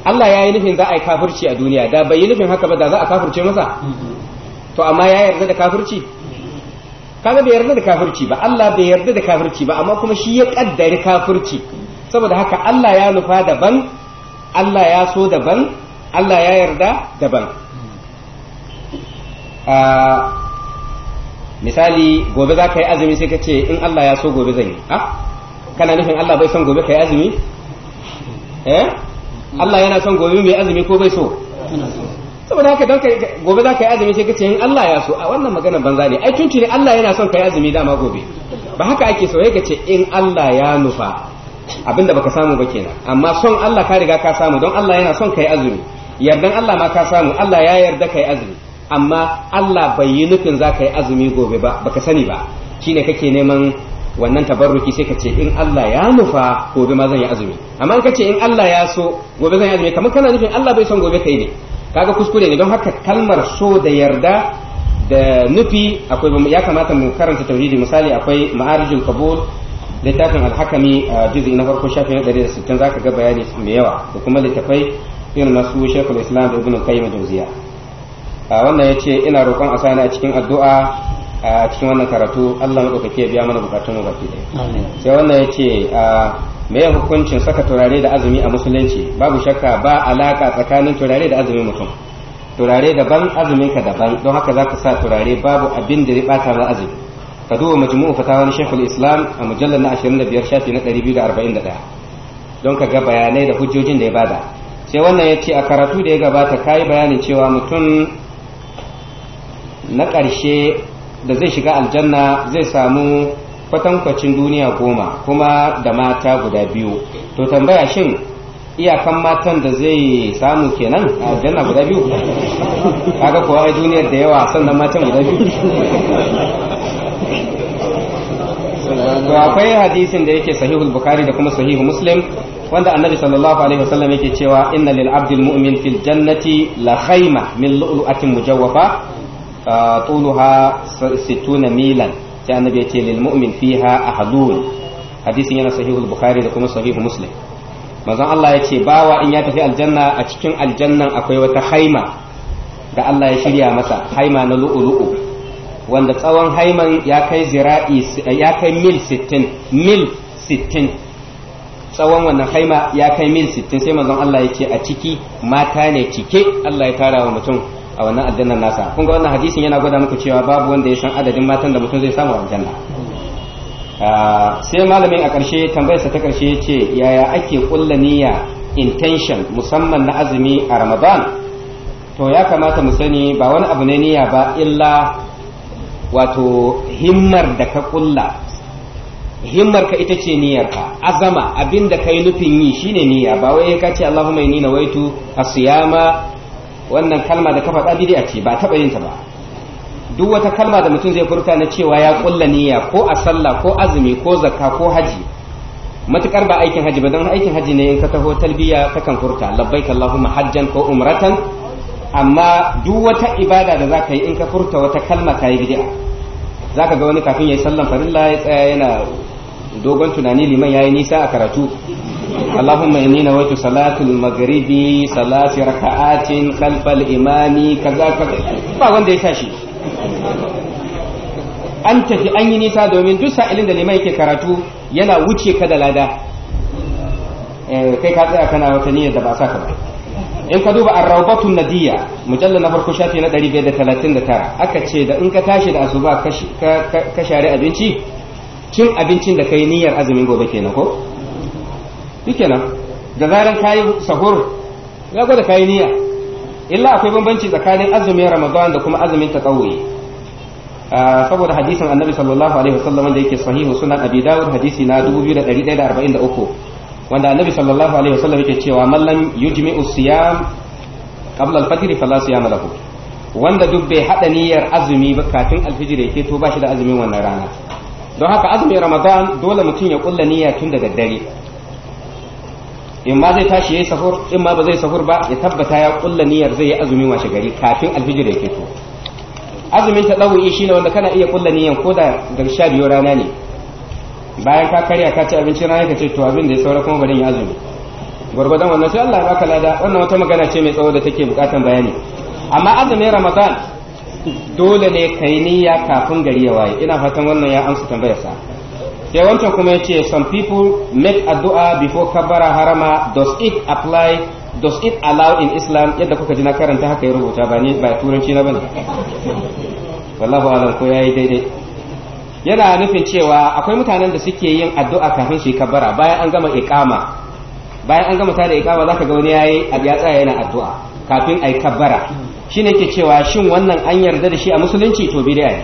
D: Allah ya yi nufin za a yi kafirci a duniya da bai yi nufin haka ba da za a kafirce masa to amma ya yarda da kafirci kaga bai yarda da kafirci ba Allah bai yarda da kafirci ba amma kuma shi ya kaddari kafirci saboda haka Allah ya nufa daban Allah ya so daban Allah ya yarda daban misali gobe za ka yi azumi sai ka ce in Allah ya so gobe zan yi ha kana nufin Allah bai son gobe ka yi azumi eh Allah yana son gobe mai azumi ko bai so saboda haka don gobe za ka yi azumi sai ka ce in Allah ya so a wannan maganar banza ne ai tunci ne Allah yana son ka yi azumi dama gobe ba haka ake so ka ce in Allah ya nufa abinda baka samu ba kenan amma son Allah ka riga ka samu don Allah yana son ka yi azumi yardan Allah ma ka samu Allah ya yarda ka yi azumi amma Allah bai yi nufin za ka yi azumi gobe ba baka sani ba shi shine kake neman wannan tabarruki sai ka ce in Allah ya nufa gobe ma zan yi azumi amma in ka ce in Allah ya so gobe zan yi azumi kamar kana nufin Allah bai son gobe kai ne kaga kuskure ne don haka kalmar so da yarda da nufi akwai ya kamata mu karanta tauhidi misali akwai ma'arijul qabul littafin alhakami a juzi na farko shafin za ka ga bayani mai yawa da kuma littafai irin nasu shekul islam da ibn qayyim jawziya wannan ya ce ina roƙon a sani a cikin addu'a a cikin wannan karatu Allah maɗaukaki ya biya mana bukatun mu baki ɗaya sai wannan ya ce me ya hukuncin saka turare da azumi a musulunci babu shakka ba alaka tsakanin turare da azumin mutum turare daban azumin ka daban don haka zaka sa turare babu abin da ya bata ma azumi ka duba majmu'u fatawar shaykhul islam a mujallar na 25 shafi na 241 don ka ga bayanai da hujjojin da ya bada sai wannan ya ce a karatu da ya gabata kayi bayanin cewa mutum na ƙarshe da zai shiga aljanna zai samu kwatankwacin duniya goma kuma da mata guda biyu to tambaya shin iyakan matan da zai samu kenan a aljanna guda biyu kaga kuwa ai duniyar da yawa sannan matan guda biyu to akwai hadisin da yake sahihul bukhari da kuma sahihu muslim wanda annabi sallallahu alaihi wasallam yake cewa inna lil abdil mu'min fil jannati la khayma min lu'lu'atin mujawwafa طولها ستون ميلا sai annabi ya ce lil mu'min fiha ahdun hadisin yana sahihul bukhari da kuma sahihu muslim manzon Allah ya bawa in ya tafi aljanna a cikin aljannan akwai wata haima da Allah ya shirya masa haima na lu'ulu'u wanda tsawon haiman ya kai zira'i ya kai mil 60 mil 60 tsawon wannan haima ya kai mil 60 sai manzon Allah yace a ciki mata ne cike Allah ya tara wa mutum a wannan addinin nasa kun ga wannan hadisin yana gwada muku cewa babu wanda ya san adadin matan da mutum zai samu a aljanna ah, sai malamin a ƙarshe tambayarsa ta ƙarshe ya ce yaya ake ƙulla niyya intention musamman na azumi a ramadan to ya kamata mu sani ba wani abu ne niyya ba illa wato himmar da ka ƙulla himmar ka ita ce niyyar ka azama abin da ka yi nufin yi shine niyya ba wai ka ce allahumma inni nawaitu asiyama wannan kalma da ka faɗa a ce ba taɓa yin ta ba duk wata kalma da mutum zai furta na cewa ya kulla niyya ko a sallah ko azumi ko zakka ko haji matukar ba aikin haji ba don aikin haji ne in ka taho talbiya ta kan furta labbaik allahumma hajjan ko umratan amma duk wata ibada da zaka yi in ka furta wata kalma ta yi bid'a zaka ga wani kafin yayi sallan farilla ya tsaya yana dogon tunani liman yayi nisa a karatu اللهم إني نويت صلاة المغرب صلاة ركعات خلف الإمام كذا كذا ba wanda ya tashi an tafi an yi nisa domin duk sa'ilin da liman yake karatu yana wuce ka da lada eh, kai ka tsaya kana wata niyyar da ba sa ka in ka duba ar-rawbatun nadiya mujallar na farko shafi na 539 aka ce da in ka tashi da asuba ka share abinci cin abincin da kai niyyar azumin gobe kenan ko shikenan da zaran kayi sahur ya gwada kayi niyya illa akwai bambanci tsakanin azumin ramadan da kuma azumin tatawuyi ah, saboda hadisin annabi sallallahu alaihi wasallam da yake sahihu sunan abi dawud hadisi na 2143 wanda annabi sallallahu alaihi wasallam yake cewa man lam yujmi'u siyam qabla al-fajr fala siyam lahu wanda duk bai hada niyyar azumi ba kafin alfijir yake to ba shi da azumin wannan rana don haka azumin ramadan dole mutum ya kulla niyya tun daga dare in ma zai tashi yayi sahur in ma ba zai sahur ba ya tabbata ya kulla niyyar zai yi azumi washe gari kafin alfijir ya fito azumin shi shine wanda kana iya kulla niyyar ko da daga sha biyu rana ne bayan ka karya ka ci abincin rana ka ce to abin da ya saura kuma bari ya azumi gwargwadon wannan sai Allah ya baka lada wannan wata magana ce mai tsawo da take bukatan bayani amma azumin ramadan dole ne kai niyya kafin gari ya waye ina fatan wannan ya amsa tambayar sa sai wancan kuma ya ce some people make addu'a before kabbara harama does it apply does it allow in islam yadda kuka ji na karanta haka ya rubuta ba ne ba turanci na bane wallahu alam ko yayi daidai yana nufin cewa akwai mutanen da suke yin addu'a kafin su yi bayan an gama iqama bayan an gama ta da iqama zaka ga wani yayi ya tsaya yana addu'a kafin ai kabbara shine yake cewa shin wannan an yarda da shi a musulunci to bid'a ne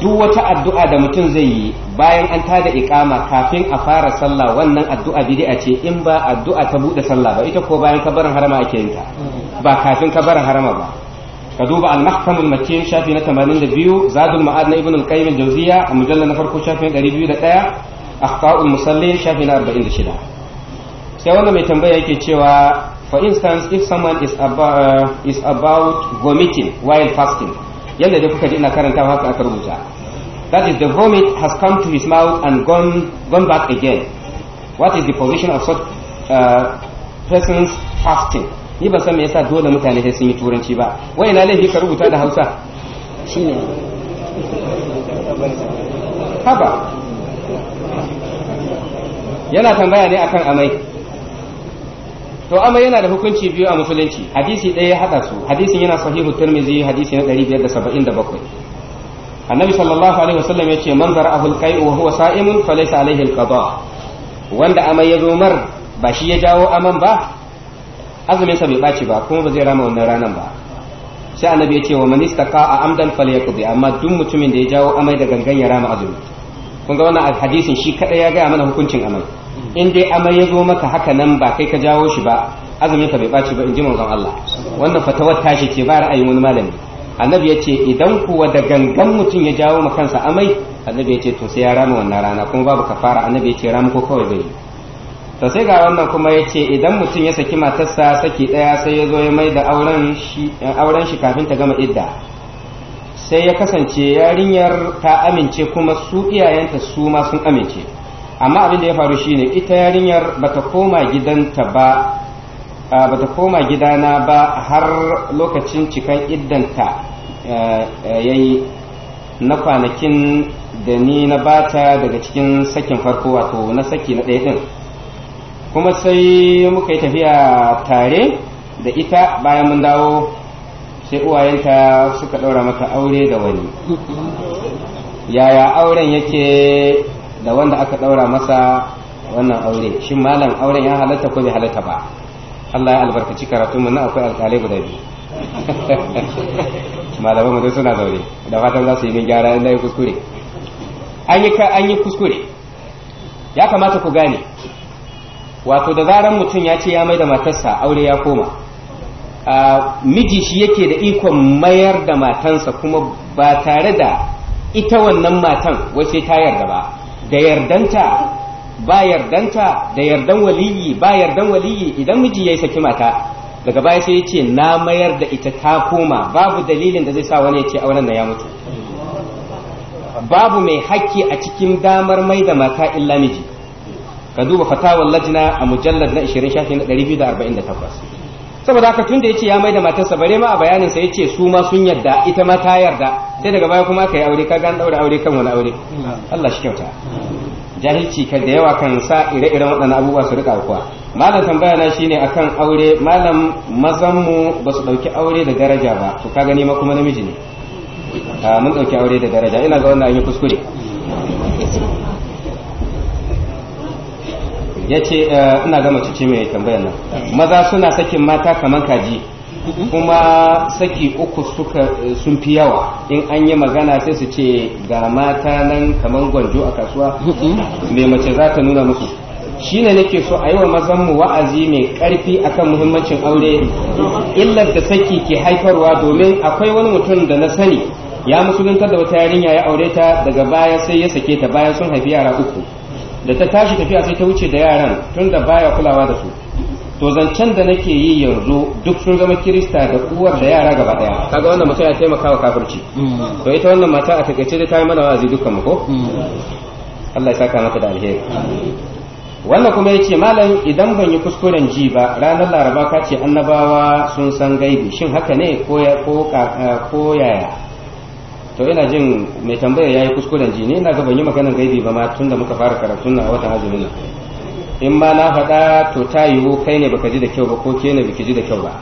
D: duk wata addu'a da mutum zai yi bayan an tada ikama kafin a fara sallah wannan addu'a bid'a ce in ba addu'a ta bude sallah ba ita ko bayan kabarin harama ake yin ta ba kafin kabarin harama ba ka duba al-mahkamul makin shafi na 82 zadul ma'ad na ibn al-qayyim al-jawziya a mujallal na farko shafi na 201 akhtaul musallin shafi na 46 sai wannan mai tambaya yake cewa for instance if someone is about, is about vomiting while fasting yadda da kuka ji ina karanta haka aka rubuta that is the vomit has come to his mouth and gone gone back again what is the position of such uh, persons fasting ni ba san me yasa dole mutane sai sun yi turanci ba wai na laifi ka rubuta da Hausa shine haba yana tambaya ne akan amai to amma yana da hukunci biyu a musulunci hadisi ɗaya ya haɗa su hadisin yana sahihu tirmizi hadisi na 577 annabi sallallahu alaihi wasallam yace man zara ahul qaiu wa huwa sa'imun laysa alaihi alqada wanda amma ya zo mar ba shi ya jawo aman ba azumin sa bai baci ba kuma ba zai rama wannan ranan ba sai annabi ya ce wa man istaqa'a amdan falyaqdi amma duk mutumin da ya jawo amai da gangan ya rama azumi kun ga wannan alhadisin shi kadai ya gaya mana hukuncin amai in dai amai ya zo maka haka nan ba kai ka jawo shi ba azumi ka bai baci ba in ji manzon Allah wannan fatawar tashi ce ba ra'ayin wani malami annabi ya ce idan kuwa da gangan mutum ya jawo ma kansa amai annabi ya ce to sai ya rama wannan rana kuma babu kafara annabi ya ce rama ko kawai zai to sai ga wannan kuma ya ce idan mutum ya saki matarsa saki daya sai ya zo ya mai da auren shi kafin ta gama idda sai ya kasance yarinyar ta amince kuma su iyayenta su ma sun amince amma abin da ya faru shine ita yarinyar bata koma gidanta ba bata koma gidana ba har lokacin cikan iddanta yayi na kwanakin da ni na bata daga cikin sakin farko wato na saki na ɗaya ɗin kuma sai muka yi tafiya tare da ita bayan mun dawo sai uwayenta suka ɗaura mata aure da wani yaya auren yake da wanda aka ɗaura masa wannan aure shi malam auren ya halatta ko bai halatta ba Allah ya albarkaci karatun mu na akwai alƙalai guda biyu malaman mu suna zaure da fatan za su yi min gyara in yi kuskure an yi an yi kuskure ya kamata ku gane wato da zaran mutum ya ce ya mai da matarsa aure ya koma miji shi yake da ikon mayar da matansa kuma ba tare da ita wannan matan wace ta yarda ba da yardanta ba yardanta da yardan waliyi ba yardan waliyi idan miji ya saki mata daga baya sai ya na mayar da ita ta koma babu dalilin da zai sa wani ya ce auren na ya mutu babu mai hakki a cikin damar mai da mata illa miji ka duba fatawar lajina a mujallar na 20 shafi na 248 saboda haka tun da yace ya mai da matarsa bare ma a bayanin sa ya ce su ma sun yarda ita ma ta yarda sai daga baya kuma kai yi aure kaga an daura aure kan wani aure Allah shi kyauta jahilci ka da yawa kan sa ire-iren waɗannan abubuwa su rika kuwa malam tambaya na shine akan aure malam mazan mu ba su dauki aure da daraja ba to ka gani ma kuma namiji ne ah, mun dauki aure da daraja ina ga wannan an yi kuskure yace ce eh, ina gama cice mai tambayar nan eh. maza suna sakin mata kamar kaji kuma saki uku suka sun fi yawa in an yi magana sai su ce ga mata nan kamar gwanjo a kasuwa mai mace za ta nuna musu shine nake so a yi wa mazan mu wa'azi mai karfi akan muhimmancin aure illar da saki ke haifarwa domin akwai wani mutum da na sani ya musulunta da wata yarinya ya aure ta daga baya sai ya sake ta bayan sun haifi yara uku da ta tashi tafiya sai ta wuce da yaran tun da baya kulawa da su to zancen da nake yi yanzu duk sun zama kirista da uwar da yara gaba daya kaga wannan mutum ya taimaka wa kafirci mm. to ita wannan mata a takaice da ta yi mana wazi dukkan mu ko mm. Allah ya saka mata da alheri wannan kuma yace malam idan ban yi kuskuren ji ba ranar laraba ka ce annabawa sun san gaibi shin haka ne ko ko yaya to ina jin mai tambaya yayi kuskuren ji ne ina ga ban yi maganar gaibi ba ma tunda muka fara karatun nan a watan azumin nan in ma na faɗa to ta yiwu kai ne baka ji da kyau ba ko ke ne baki ji da kyau ba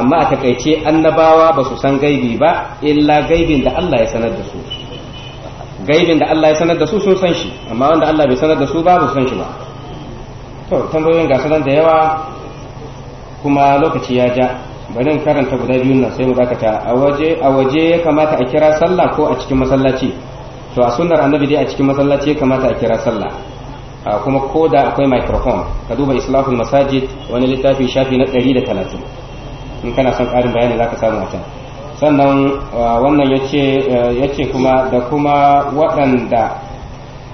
D: amma a takaice annabawa ba su san gaibi ba illa gaibin da Allah ya sanar da su gaibin da Allah ya sanar da su sun san shi amma wanda Allah bai sanar da su ba ba su san shi ba to tambayoyin ga sanar da yawa kuma lokaci ya ja bari in karanta guda biyun nan sai mu dakata a waje a waje ya kamata a kira sallah ko a cikin masallaci to a sunnar annabi dai a cikin masallaci ya kamata a kira sallah kuma ko da akwai microphone ka duba islahul masajid wani littafi shafi na 130 in kana son ƙarin bayani zaka samu a can sannan wannan ya ce kuma da kuma waɗanda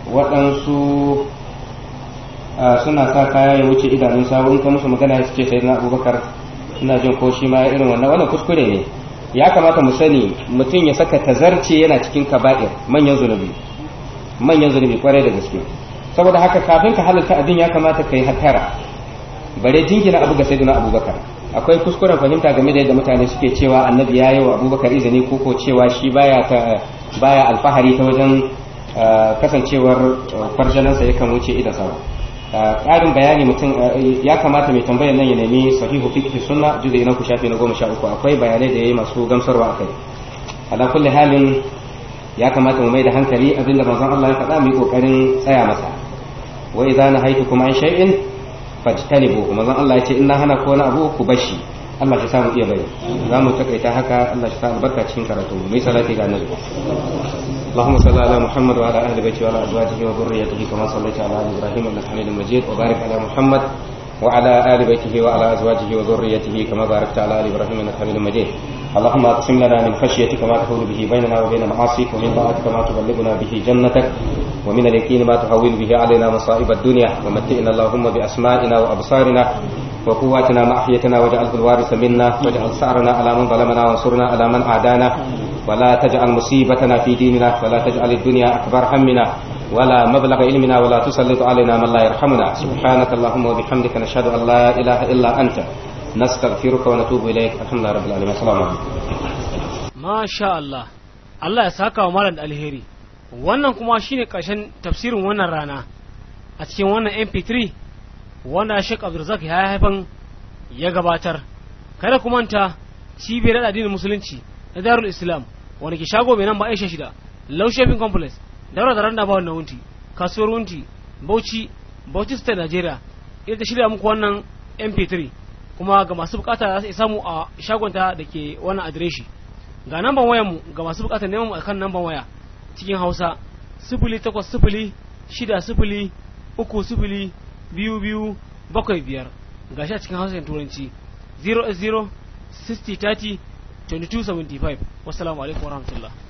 D: waɗansu suna sa kaya ya wuce idanun sabon ka musu magana ya ce sai na abubakar ina jin ko shi ma irin wannan wannan kuskure ne ya kamata mu sani mutum ya saka tazarce yana cikin kaba'ir manyan zunubi manyan zunubi kwarai da gaske saboda haka kafin ka halarta abin ya kamata ka yi hatara bare jingina abu ga sayyidina abubakar akwai kuskuren fahimta game da yadda mutane suke cewa annabi ya yi wa abubakar izini ko ko cewa shi baya ta baya alfahari ta wajen eh, kasancewar ya eh, yakan wuce idan sawa Ah, ƙarin bayani mutum ah, eh, ya kamata mai tambayar nan ya nemi sahihu fiqh suna juz'i na ku shafi na goma sha uku akwai bayanai da ya yayi masu gamsarwa akai ala kulli halin ya kamata mu mai da hankali abinda manzon Allah ya faɗa mu yi kokarin tsaya masa wa idza nahaytukum an shay'in fajtanibu manzon Allah ya ce inna hana ko na abu ku bashi Allah shi samu iya bayan za mu takaita haka Allah shi samu barka cikin karatu mu yi salati ga annabi اللهم صل على محمد وعلى اهل بيته وعلى ازواجه وذريته كما صليت على ال ابراهيم انك حميد مجيد وبارك على محمد وعلى آل بيته وعلى أزواجه وذريته كما باركت على آل إبراهيم إنك حميد مجيد اللهم اقسم لنا من خشيتك ما تحول به بيننا وبين معاصيك ومن طاعتك ما تبلغنا به جنتك ومن اليقين ما تهون به علينا مصائب الدنيا ومتئنا اللهم بأسمائنا وأبصارنا وقواتنا ما أحيتنا واجعله الوارث منا واجعل سعرنا على من ظلمنا وانصرنا على من عادانا ولا تجعل مصيبتنا في ديننا ولا تجعل الدنيا أكبر همنا ولا مبلغ علمنا ولا تسلط علينا من لا يرحمنا سبحانك اللهم وبحمدك نشهد أن لا إله إلا أنت نستغفرك ونتوب إليك الحمد لله رب العالمين السلام عليكم
B: ما شاء الله Allah ya saka wa malam alheri wannan kuma shine ƙarshen tafsirin wannan rana a cikin wannan mp3 wanda Sheikh Abdulrazak ya haifan ya gabatar kada ku manta cibiyar addinin musulunci na Darul Islam wanda ke shago mai nan ba Aisha shida Low Shopping Complex daura da randa ba wannan wunti kasuwar wunti Bauchi Bauchi State Nigeria ita ta shirya muku wannan MP3 kuma ga masu bukata za su samu a shagonta da ke wannan adireshi ga namban wayar mu ga masu bukata neman mu akan namban waya cikin Hausa sifili takwas sifili shida sifili uku sifili. biyu biyu bakwai biyar gashi a cikin hausa turanci 0 0 60 30 22 75 wasu alaikum warahmatullahi